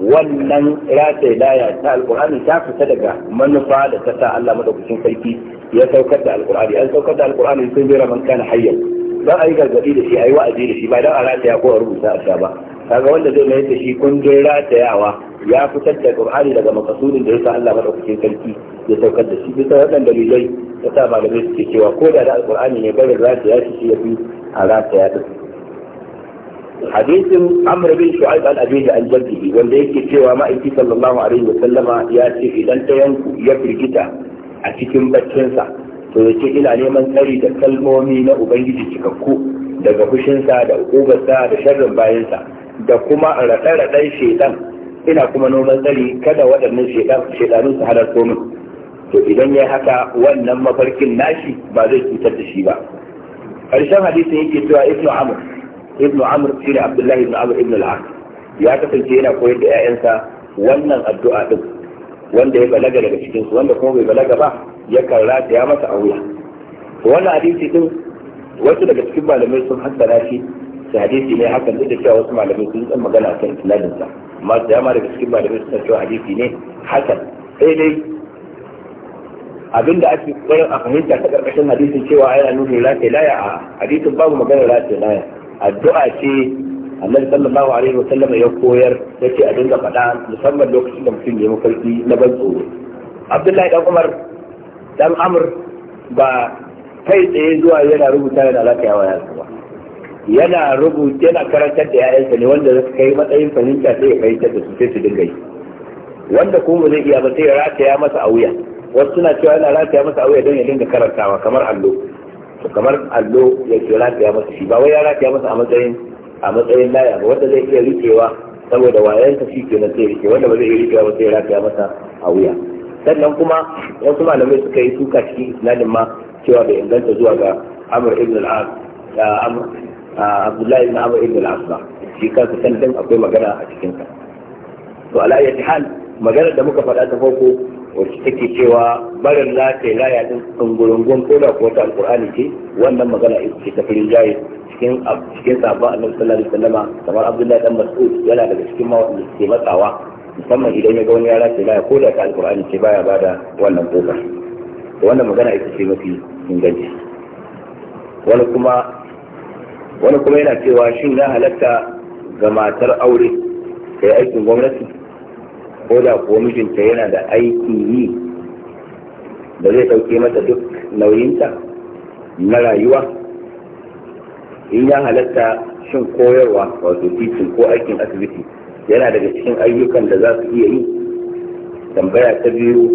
wannan rataye laya ta alkur'ani ta fita daga manufa da ta sa Allah madaukakin sarki ya saukar da alkur'ani an saukar da alkur'ani sun jira man kana hayyan dan ayi gargadi da shi ayi wa'azi da shi ba dan a rataya ko a rubuta a sha ba kaga wanda zai mai da shi kundin ratayawa ya fitar da qur'ani daga makasudin da ya sa Allah madaukakin sarki ya saukar da shi bisa wadan dalilai ta sa malamai suke cewa ko da da alkur'ani ne barin ya shi ya fi a ya tafi. hadisin amr bin shu'aib al-abidi al jaddi wanda yake cewa ma'aiki sallallahu alaihi wa sallama ya ce idan ta yanku ya firgita a cikin baccinsa to yace ina neman tsari da kalmomi na ubangiji cikakku daga fushinsa da ukubarsa da sharrin bayansa da kuma raɗe-raɗen shaidan ina kuma noman tsari kada waɗannan shaidanu su halarto min to idan ya haka wannan mafarkin nashi ba zai cutar da shi ba ƙarshen hadisin yake cewa ibnu amr Ibnu amr shi ne abdullahi Ibnu amr Ibnu al ya kasance yana koyar da ƴaƴansa wannan addu'a din wanda ya balaga daga cikin su wanda kuma bai balaga ba ya karra ya masa a wuya wannan hadisi din wasu daga cikin malamai sun hassara shi da hadisi ne hakan duk da cewa wasu malamai sun san magana a kan isnadin sa amma da dama daga cikin malamai sun cewa hadisi ne hakan sai dai abinda ake koyar a fahimta ta karkashin hadisin cewa yana nuna lafiya laya a hadisin babu magana lafiya laya addu'a ce annabi sallallahu alaihi wa sallam ya koyar yace a dinga faɗa musamman lokacin da mutum ya mafarki na ban tsoro abdullahi dan umar dan amr ba kai tsaye zuwa yana rubuta yana lafiya wa yansa ba yana rubuta yana karantar da yayansa ne wanda zai kai matsayin fahimta sai ya fahimtar da su sai su dinga yi wanda kuma zai iya ba sai ya rataya masa a wuya wasu suna cewa yana rataya masa a wuya don ya dinga karantawa kamar allo to kamar allo ya ce rataya masa shi ba wai ya rataya masa a matsayin a matsayin laya ba wanda zai iya rikewa saboda wayan ta shi ke zai rike wanda ba zai iya rikewa ba sai ya rataya masa a wuya sannan kuma yan kuma malamai suka yi suka cikin isnadin ma cewa bai inganta zuwa ga amur ibn al-as abdullahi ibn amur ibn al-as ba shi kansa sanadin akwai magana a cikinsa to ala ayyati hal maganar da muka faɗa ta farko wacce take cewa barin la ya din tsungurungun ko da kuwa ta alkur'ani ce wannan magana ita ce ta firin jayi cikin cikin sabon annabi sallallahu alaihi wasallam kamar abdullahi dan mas'ud yana daga cikin ma wanda suke matsawa musamman idan ya ga wani yara ce laya ko da ta alkur'ani ce baya bada wannan kofar to wannan magana ita ce mafi inganci wani kuma wani kuma yana cewa shin na halatta ga matar aure ta aikin gwamnati ko da kuwa mijinta yana da aiki yi da zai ɗauke mata duk nauyinta na rayuwa in ya halatta shin koyarwa wato titin ko aikin asibiti yana daga cikin ayyukan da za su iya yi tambaya ta biyu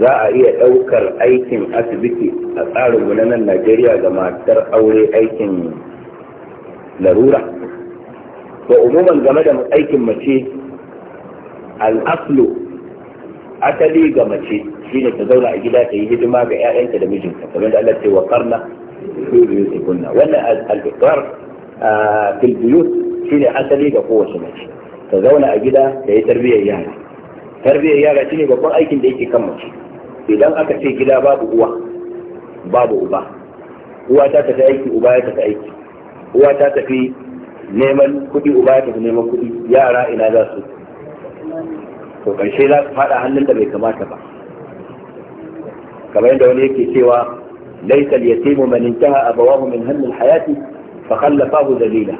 za a iya ɗaukar aikin asibiti a tsarin na nan najeriya ga matar aure aikin larura to umuman game da aikin mace al'aslu asali ga mace shine ta zauna a gida ta yi hidima ga 'ya'yanta da mijinta kamar da Allah ce wa karna fi kunna. wannan al-iqrar fil biyu shine asali ga kowace mace ta zauna a gida ta yi tarbiyyar yara tarbiyyar yara shine babban aikin da yake kan mace idan aka ce gida babu uwa babu uba uwa ta tafi aiki uba ya tafi aiki uwa ta tafi neman kuɗi uba ya tafi neman kuɗi yara ina za su to ƙarshe za su faɗa hannun da bai kamata ba kamar yadda wani yake cewa laisa al-yatimu man intaha abawahu min hammil hayati fa khallafahu dalila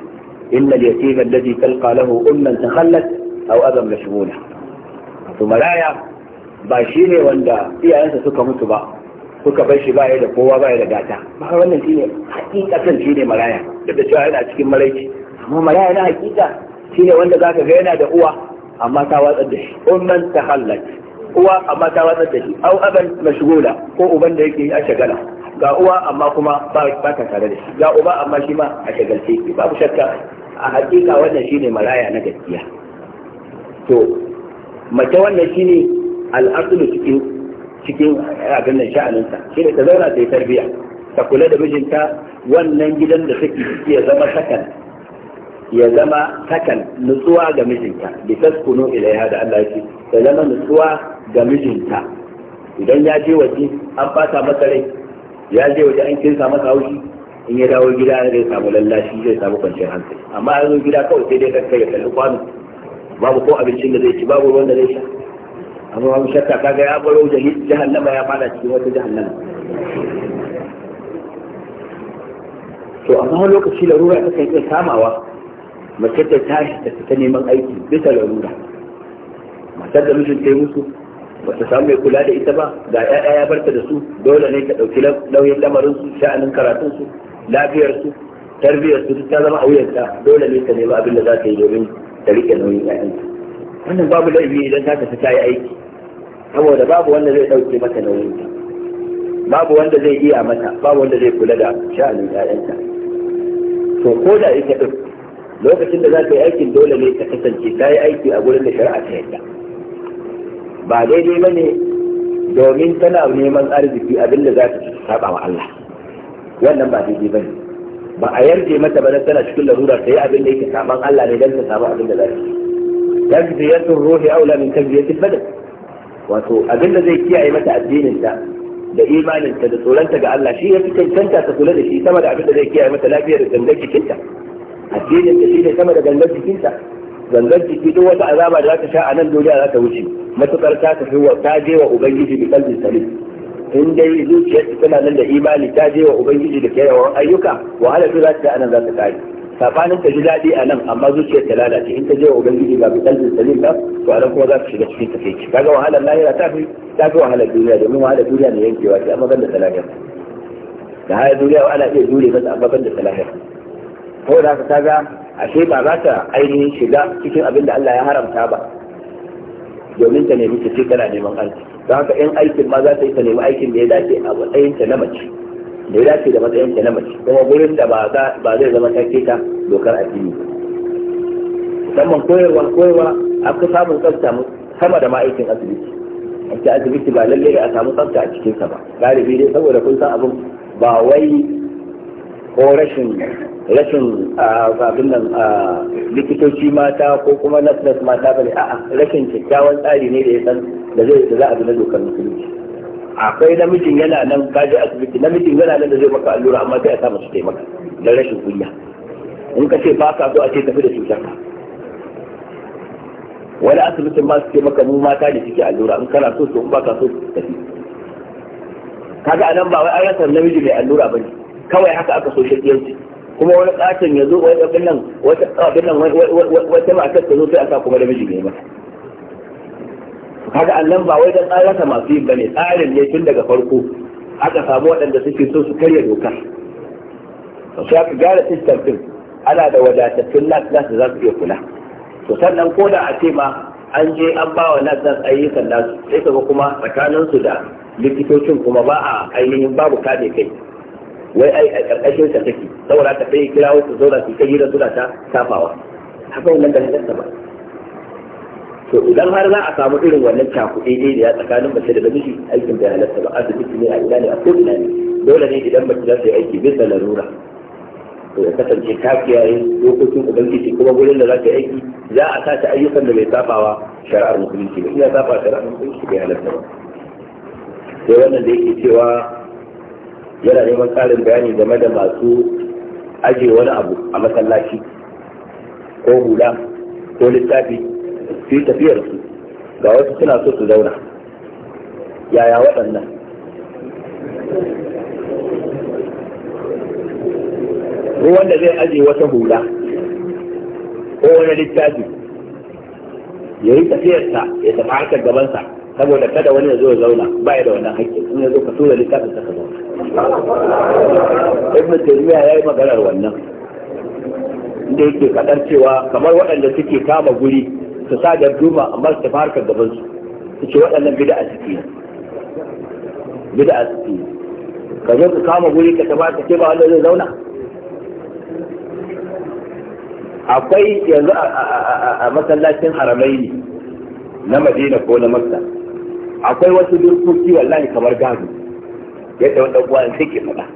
inna al-yatima alladhi talqa lahu umman takhallat aw adam to ba shi ne wanda iyayensa suka mutu ba suka bar shi baya da kowa baya da gata ba wannan shine hakikatan shine maraya da cewa yana cikin maraici mu maraya na hakika shine wanda za ka ga yana da uwa amma ta watsar da shi umman tahallat uwa amma ta watsar da shi au aban mashgula ko uban da yake a shagala ga uwa amma kuma ba ta tare da shi ga uba amma shi ma a shagalce yake babu shakka a hakika wannan shine maraya na gaskiya to mace wannan shine al'asulu cikin cikin abin nan sha'aninsa shine ta zauna ta yi tarbiyya ta kula da mijinta wannan gidan da take ya zama sakan ya zama takan nutsuwa ga mijinta bi taskunu ilaiha da Allah yake ya zama nutsuwa ga mijinta idan ya je waje an fata masa rai ya je waje an kinsa masa haushi in ya dawo gida zai samu lallashi zai samu kwanciyar hankali amma ya zo gida kawai sai dai kakkai ya kalli kwano babu ko abincin da zai ci babu ruwan da zai sha amma babu shakka kaga ya baro jahannama ya fada cikin wata jahannama to amma lokaci larura ta kan iya kamawa mace ta tashi ta fita neman aiki bisa larura matar da mijin ta yi musu ba ta samu mai kula da ita ba ga 'ya'ya ya barta da su dole ne ta ɗauki nauyin lamarin su sha'anin karatun su lafiyar su tarbiyar su ta zama auyanta dole ne ta nemi abin da za ta yi domin ta rike nauyin ƴaƴan wannan babu laifi idan ta tafi ta yi aiki saboda babu wanda zai ɗauke mata nauyin ta babu wanda zai iya mata babu wanda zai kula da sha'anin ƴaƴanta to ko da ita lokacin da za ka yi aikin dole ne ka kasance ta yi aiki a gurin da shari'a ta yadda ba daidai ba ne domin tana neman arziki abin da za ta saba wa Allah wannan ba daidai ba ne ba a yarje mata ba tana cikin larura ta yi abin da yake saban Allah ne don ta samu abin da za ta yi tarbiyatun ruhi aula min tarbiyatil badan wato abin da zai kiyaye mata addinin ta da imaninta da tsoronta ga Allah shi ya fi cancanta ta kula da shi sama da abin da zai kiyaye mata lafiyar gangar jikinta. ta addinin da shi ne sama da gangan jikinsa gangan jiki duk wata azaba da za ta sha a nan duniya za ta wuce matukar ta tafi wa ta je wa ubangiji bi kalbin salim in dai zuciyar ta tana nan da imani ta je wa ubangiji da kyawawan ayyuka wahala ta za ta a nan za ta kai sabanin ta ji daɗi a nan amma zuciyar ta lalace in ta je wa ubangiji ba bi kalbin salim ba to a nan kuma za ta shiga cikin kai kaga wahalar lahira ta fi ta fi wahalar duniya domin wahalar duniya ne yankewa ce amma ban da ta da haya duniya ana iya jure masa amma ban da salahiyar saboda haka kaga ashe ba za ta ainihin shiga cikin abin da Allah ya haramta ba domin ta nemi ta ce tana neman aiki don haka yan aikin ma za ta yi ta nemi aikin da ya dace a matsayin ta na mace da ya dace da matsayin ta na mace kuma gurin da ba zai zama ta ta dokar addini musamman koyarwa koyarwa a ka samu tsafta sama da ma'aikin asibiti ce asibiti ba lallai a samu tsafta a cikinsa ba galibi dai saboda kun san abin ba wai ko rashin rashin abin nan likitoci mata ko kuma nas mata bane a'a rashin kyakkyawan tsari ne da ya san da zai da za a bi na dokar musulunci akwai namijin yana nan kaje asibiti namijin yana nan da zai maka allura amma sai a sa masu taimaka da rashin kunya in ka ce ba ka so a ce tafi da cutar ka wani asibitin ma su taimaka mu mata da suke allura in kana so su, in ba ka so tafi kaga anan ba wai an rasa namiji mai allura bane kawai haka aka so shakiyanci kuma wani katin ya zo abin nan wata abin nan wata matar ta zo sai a kuma da miji ne mata kaga annan ba wai da ta masu yin bane tsarin ne tun daga farko aka samu waɗanda suke so su karya dokar su aka gyara system din ana da wadatattun nas nas za su iya kula to sannan ko da a ce ma an je an ba wa nas nas ayyukan nasu sai kaga kuma su da likitocin kuma ba a ainihin babu kame kai wai ai a ƙarƙashin sa take saboda ka sai kira wasu zauna su kai hira suna ta safawa. haka wannan da halatta ba to idan har za a samu irin wannan cakuɗe ne da ya tsakanin mace da namiji aikin bai halatta ba asibiti ne a ina ne a ko ina ne dole ne idan mace za ta yi aiki bisa larura to ya kasance ta kiyaye dokokin ubangiji kuma gurin da za ta aiki za a sa ta ayyukan da bai safawa shari'ar musulunci ba ina saba shari'ar musulunci bai halatta ba sai wannan da yake cewa yana neman ƙarin bayani game da masu aje wani abu a masallaci ko hula ko littafi su yi tafiyar su ga wasu suna so su zauna yaya waɗannan ko wanda zai aje wata hula ko wani littafi ya yi tafiyarsa ya tafi harkar gabansa saboda kada wani ya zo ya zauna ba ya da wannan haƙƙi in ya zo ka tura littafin ta ka zauna ibnu taymiya yayi maganar wannan inda yake kadar cewa kamar waɗanda suke kama guri su sa da duma amma su tafi harkar gaban su su ce waɗannan bid'a suke bid'a suke ka zo ka kama guri ka tafi ka ce ba wanda zai zauna akwai yanzu a masallacin haramai ne na madina ko na makka akwai wasu dokoki wallahi kamar gado yadda wanda kuwa in sai ke faɗa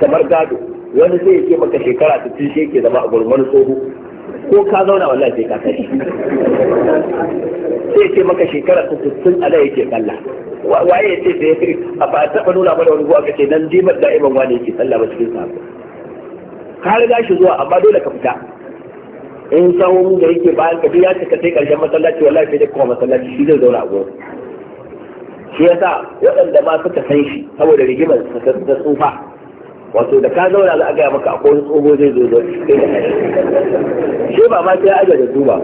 kamar gado wani sai yake maka shekara ta tun yake zama a gurin wani tsoho ko ka zauna wallahi sai ka tashi sai yake maka shekara ta tun a da yake kalla. waye ya ce sai a ba ta taɓa nuna mana wani kuwa kace nan jimar da'iman wani yake sallah ba cikin sako ka riga shi zuwa amma dole ka fita in sahun da yake bayan ka duk ya cika sai karshen masallaci wallahi sai dai kuma masallaci shi zai zauna a gurbin shi yasa waɗanda ma suka san shi saboda rigimar ta tsufa wato da ka zauna za a gaya maka a akwai tsoho zai zo zo shi ba ma sai ajiye da tsufa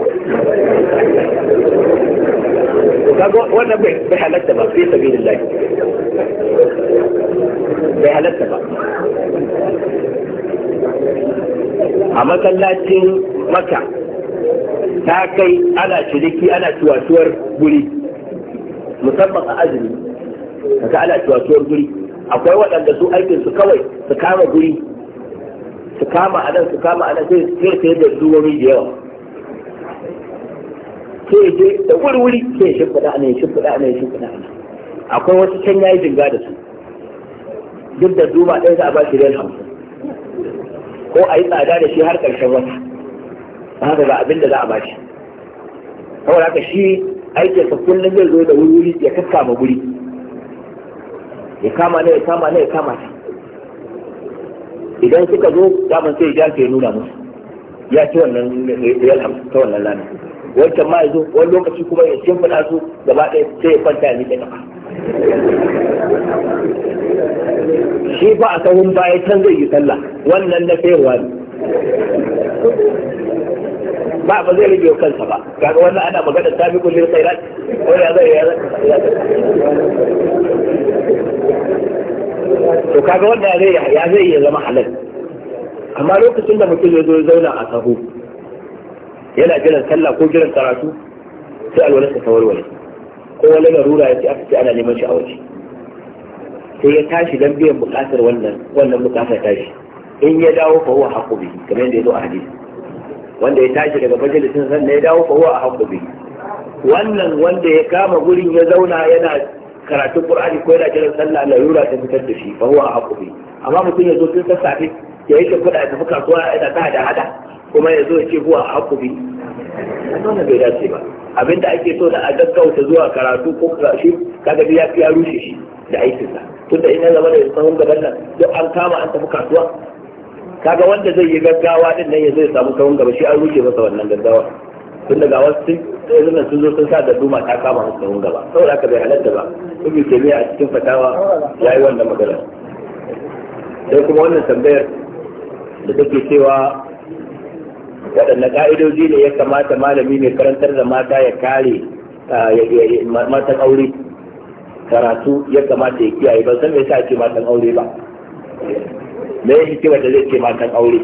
wannan bai halatta ba fi sabilillah bai halatta ba a masallacin maka ta kai ana ciniki ana tuwatuwar guri musamman a azumi ka ga ana tuwatuwar guri akwai waɗanda su aikin su kawai su kama guri su kama a nan su kama a nan sai su sai da duwani da yawa sai je da wuri wuri sai ya shimfiɗa a nan ya shimfiɗa a nan ya shimfiɗa a nan akwai wasu can yayi jinga da su duk da duma ɗaya za a ba shi riyal hamsin ko a yi tsada da shi har ƙarshen wata haka ga abin da za a ba shi saboda haka shi aikin sa kullum zai zo da wuri ya ma guri ya kama ne ya kama ne ya kama shi idan suka zo daman sai ya ke nuna musu ya ci wannan ya ta wannan lana wancan ma ya zo wani lokaci kuma ya shimfiɗa su gaba ɗaya sai ya kwanta ya miƙe kafa shi ba a sahun baya can zai yi sallah wannan na sayarwa ne ba ba zai rage kansa ba kaga wannan ana magana sabiqul lil khairat ko ya zai ya to kaga wannan zai ya zai ya zama halal amma lokacin da mutum ya zo ya zauna a sahu yana jiran sallah ko jiran karatu sai alwalarsa ta warware ko wani larura ya ce aka ce ana neman shi a waje sai ya tashi dan biyan bukatar wannan wannan bukatar tashi in ya dawo fa huwa haqqu bihi kamar yadda ya zo a hadisi wanda ya tashi daga majalisin sannan ya dawo fa a ahqqu wannan wanda ya kama gurin ya zauna yana karatun qur'ani ko yana kiran sallah yura ta fitar da shi fa huwa ahqqu bihi amma mutum ya zo tun sassafe ya yi shimfiɗa ya tafi kasuwa yana ta da hada kuma ya zo ya ce huwa ahqqu bihi wannan bai dace ba abinda ake so da a gaggauta zuwa karatu ko kashi kaga ya ya rushe shi da aikinsa tunda in ya zama da sahun gaban nan duk an kama an tafi kasuwa kaga wanda zai yi gaggawa din nan ya zai samu kawun gaba shi an rushe masa wannan gaggawa tun daga wasu sun sun zo sun sa da duma ta kama musu kawun gaba saboda aka bai halatta ba kuma ke ne a cikin fatawa ya yi wannan magana sai kuma wannan tambayar da take cewa waɗanne ka'idoji ne ya kamata malami mai karantar da mata ya kare matan aure karatu ya kamata ya kiyaye ban san me yasa ake matan aure ba Na ya hikima da zai ce matan aure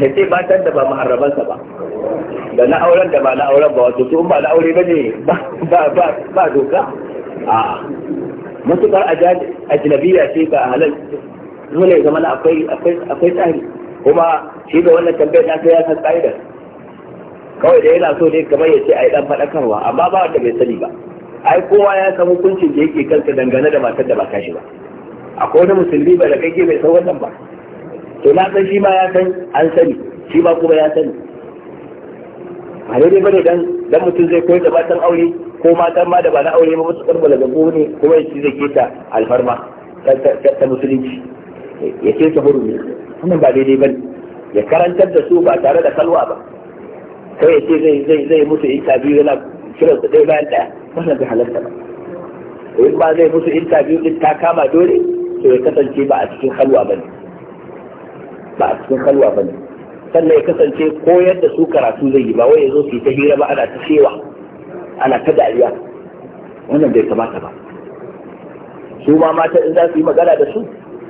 ya ce matan da ba muharramansa ba da na auren da ba na auren ba wato tun ba na aure ba ne ba doka a matukar ajnabiya ce ba halal dole zama na akwai tsari kuma shi da wannan tambayar na ya san da. kawai da yana so ne kamar ya ce a yi dan faɗakarwa amma ba wanda bai sani ba ai kowa ya san hukuncin da yake kansa dangane da matar da ba kashi ba akwai wani musulmi ba da kake bai san wannan ba to na san shi ma ya san an sani shi ma kuma ya sani ba daidai bane dan dan mutum zai koyar da matan aure ko matan ma da ba na aure ba musu karba daga ne kuma ya ci zai ta alfarma ta musulunci ya ce keta hurumi wannan ba daidai bane ya karantar da su ba tare da kalwa ba kawai ya ce zai zai zai musu interview yana kiran su ɗaya bayan ɗaya wannan bai halarta ba in ba zai musu interview din ta kama dole to ya kasance ba a cikin halwa bane ba a cikin halwa bane sannan ya kasance koyar da su karatu zai yi ba wai ya zo su yi ta hira ba ana ta shewa ana ta dariya wannan bai kamata ba su ma mata in za su yi magana da su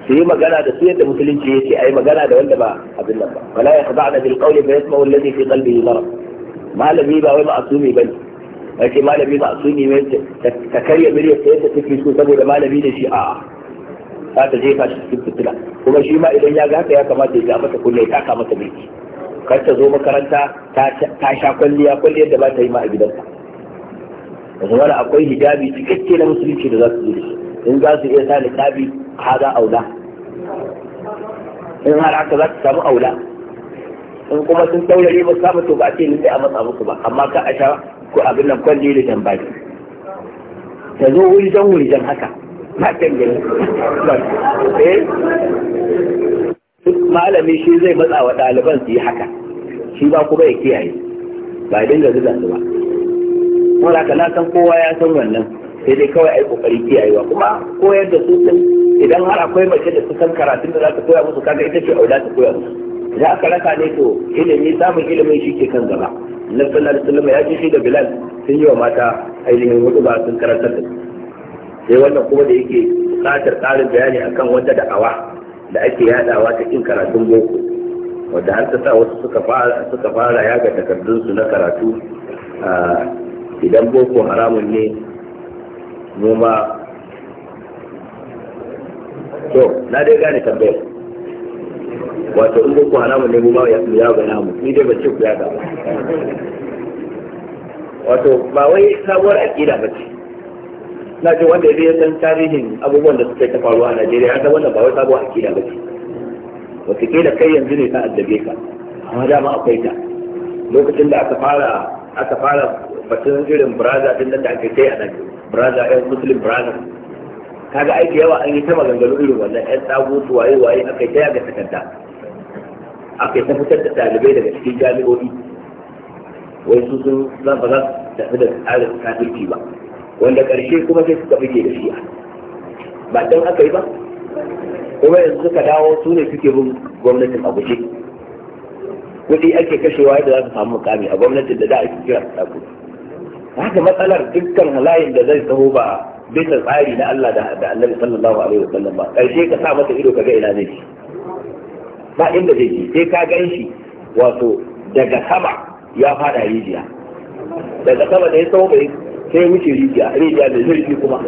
su yi magana da su yadda musulunci ya ce a yi magana da wanda ba abin nan ba wala ya kaza da bil qawli fa yasma'u alladhi fi qalbihi marad malami ba wai ma'asumi bane ake malami ma'asumi ne ta karya miryar ta yadda take so saboda malami ne shi a'a za ta jefa shi cikin fitila kuma shi ma idan ya ga haka ya kamata ya ga mata kulle ya taka mata birki kar ta zo makaranta ta sha kwalliya kwalliyar da ba ta yi ma a da yanzu da akwai hijabi cikakke na musulunci da za su yi in za su iya sa ha haza aula in har aka za su samu aula in kuma sun taurare ba samu to ba a ce ni sai a matsa muku ba amma ka a sha ko abin nan kwalli da jan baki ta zo wuri don haka Eh? malami shi zai matsa wa ɗaliban su yi haka shi ba kuma ya kiyaye ba a dinga zuga su ba kuma haka na san kowa ya san wannan sai dai kawai ai kokari kiyayewa kuma koyar da su sun idan har akwai mace da su san karatun da za ta koya musu kaga ita ce aula ta koya musu idan aka raka ne to ilimi samun ilimin shi ke kan gaba na sallar alaihi ya ce shi da bilal sun yi wa mata ainihin hudu ba sun karantar da su sai wannan kuma da yake buƙatar ƙarin bayani akan wata da'awa da ake yadawa ta kin karatun boko wadda har ta sa wasu suka fara suka fara yaga takardun su na karatu idan boko haramun ne mu ma to na dai gane tambayar wato in boko haramun ne mu ma ya ga namu ni dai ba ce ku yada ba. wato ba wai sabuwar aƙida ba ce na ce wanda ya san tarihin abubuwan da suka faru a Najeriya haka wannan ba wai sabuwa akida ba ce kila kai yanzu ne ta addabe ka amma dama akwai ta lokacin da aka fara aka fara batun irin braza din nan da ake kai a nan braza ɗan eh, muslim braza kaga aiki yawa an yi ta maganganu irin wannan ɗan tsagutu waye waye aka yi ta yaga takarda aka yi ta fitar da ɗalibai daga cikin jami'o'i wai su sun ba za su tafi da tsarin kafirci ba wanda ƙarshe kuma sai suka buge da shi ba don aka yi ba kuma yanzu suka dawo su ne suke bin gwamnatin a guje kuɗi ake kashewa yadda za su samu mukami a gwamnatin da da ake kira ta kuɗi haka matsalar dukkan halayen da zai taho ba bisa tsari na Allah da Annabi sallallahu alaihi wasallam ba ƙarshe ka sa masa ido ka ga ina zai ci ba inda zai je sai ka gan shi wato daga sama ya fada rijiya daga sama da ya tsawo bai sai wuce rijiya rijiya da zurfi kuma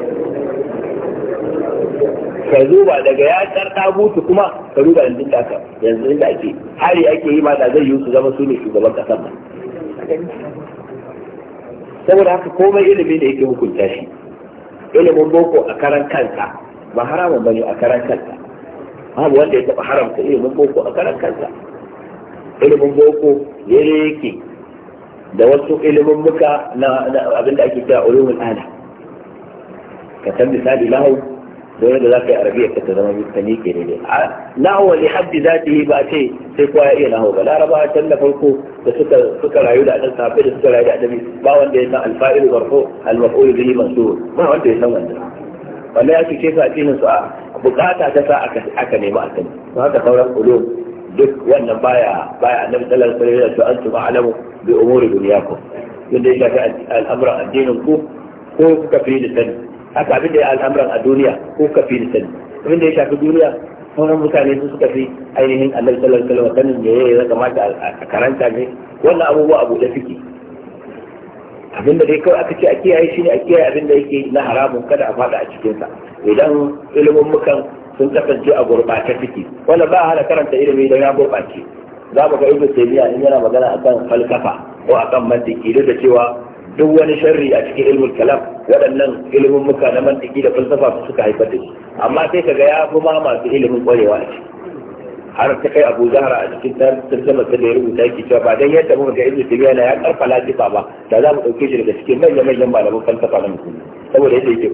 ka ba daga ya karta mutu kuma ka duba yanzu taka yanzu inda ake hari ake yi ma da zai yi su zama su ne shugaban kasar nan saboda haka komai ilimi da yake hukunta shi ilimin boko a karan kanta, ba haramun bane a karan kanta, babu wanda ya taba haramta ilimin boko a karan kanta, ilimin boko yake da wasu ilimin muka na abinda ake kira ulumul ala ka san misali lahu dole da zaka yi arabiya ka ta zama ta miƙe ne ne lahu li haddi zatihi ba ce sai kowa ya iya lahu ba laraba can da farko da suka suka rayu da annabi sahabbai da suka rayu da annabi ba wanda ya san alfa'ilu marfu almaf'ul bihi mansur ba wanda ya san wanda wallahi ya ce a cikin su a bukata ta sa aka aka nemi a sani haka sauran ulum duk wannan baya baya annabi sallallahu alaihi wasallam ya antum a'lamu bi umuri dunyakum yadda ya ga al'amuran addinin ku ko kuka fi da sani haka abin da ya al'amuran a duniya ko kuka fi da sani abin da ya shafi duniya wannan mutane su suka fi ainihin annabi sallallahu alaihi wasallam sanin me ya kamata a karanta ne wannan abubuwa abu da suke abin da dai kawai aka ce a kiyaye shi ne a kiyaye abin da yake na haramun kada a fada a cikinsa idan ilimin mukan sun kasance a gurɓace suke wanda ba hana karanta ilimi don ya gurɓace za mu ga ibnu taymiya in yana magana akan falsafa ko akan mantiki duk da cewa duk wani sharri a cikin ilmul kalam waɗannan ilimin muka na mantiki da falsafa su suka haifar da shi amma sai kaga ya fi ma masu ilimin ƙwarewa a ciki har ta kai abu zahra a cikin tarjama ta da ya rubuta yake cewa ba dan yadda muka ga ibnu tabiya ya karfa lafifa ba da za mu ɗauke shi daga cikin manyan manyan malaman falsafa na musulmi saboda yadda yake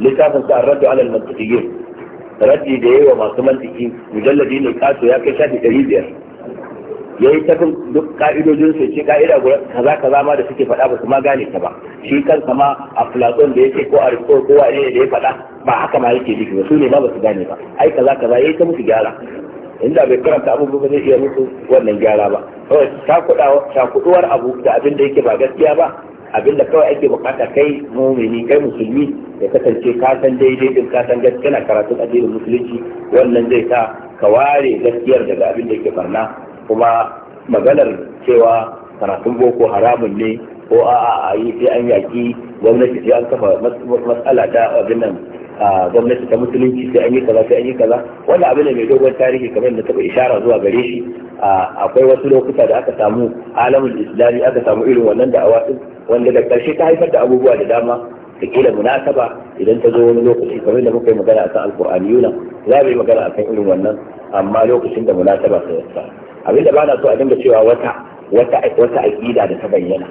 littafin sa ar-raddu ala mantiqiyyin raddi da yawa masu mantiki mujalladi ne kaso ya kai shafi ɗari biyar ya yi ta duk ka'idojin su ce ka'ida kaza kaza ma da suke faɗa ba su ma gane ta ba shi kan ma a platon da yake ko a riko ko wa ne da ya faɗa ba haka ma yake jiki ba su ne ma ba su gane ba ai kaza kaza ya yi ta musu gyara inda bai karanta abubuwa zai iya musu wannan gyara ba kawai cakuɗuwar abu da abin da yake ba gaskiya ba Abin da kawai ake bukata kai mumini kai musulmi ya kasance ka san daidai din ka san gaskiya karatun addinin musulunci wannan zai sa ka ware gaskiyar daga abin da yake barna kuma maganar cewa karatun boko haramun ne ko a'a a sai an yaki gwamnati sai an kafa matsala ta abin nan gwamnati ta musulunci sai an yi kaza sai an yi kaza wanda abin da mai dogon tarihi kamar da taɓa ishara zuwa gare shi akwai wasu lokuta da aka samu alamun islami aka samu irin wannan da din wanda da ƙarshe ta haifar da abubuwa da dama da kila munasaba idan ta zo wani lokaci kamar da muka yi magana a alkur'ani yuna za mu yi magana a kan irin wannan amma lokacin da munasaba ta yasa abinda ba na so a dinga cewa wata wata wata aqida da ta bayyana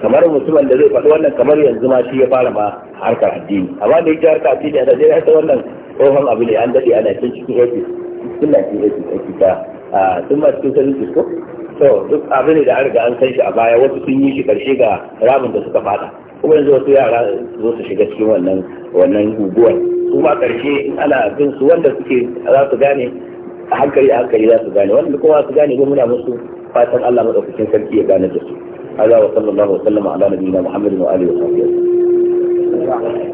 kamar musulman da zai faɗi wannan kamar yanzu ma shi ya fara ma harkar addini amma da yake harkar addini a Najeriya ta wannan tsohon abu ne an daɗe ana cikin cikin suna cikin ofis a cika a sun ma cikin sanin ko to duk abu ne da an riga an san shi a baya wasu sun yi shi karshe ga ramin da suka fada kuma yanzu wasu yara zo su shiga cikin wannan wannan guguwar kuma karshe ana bin su wanda suke za su gane a hankali a hankali za su gane wanda kuma su gane ba muna musu fatan Allah madaukakin sarki ya gane da su هذا وصلى الله وسلم على نبينا محمد وآله وصحبه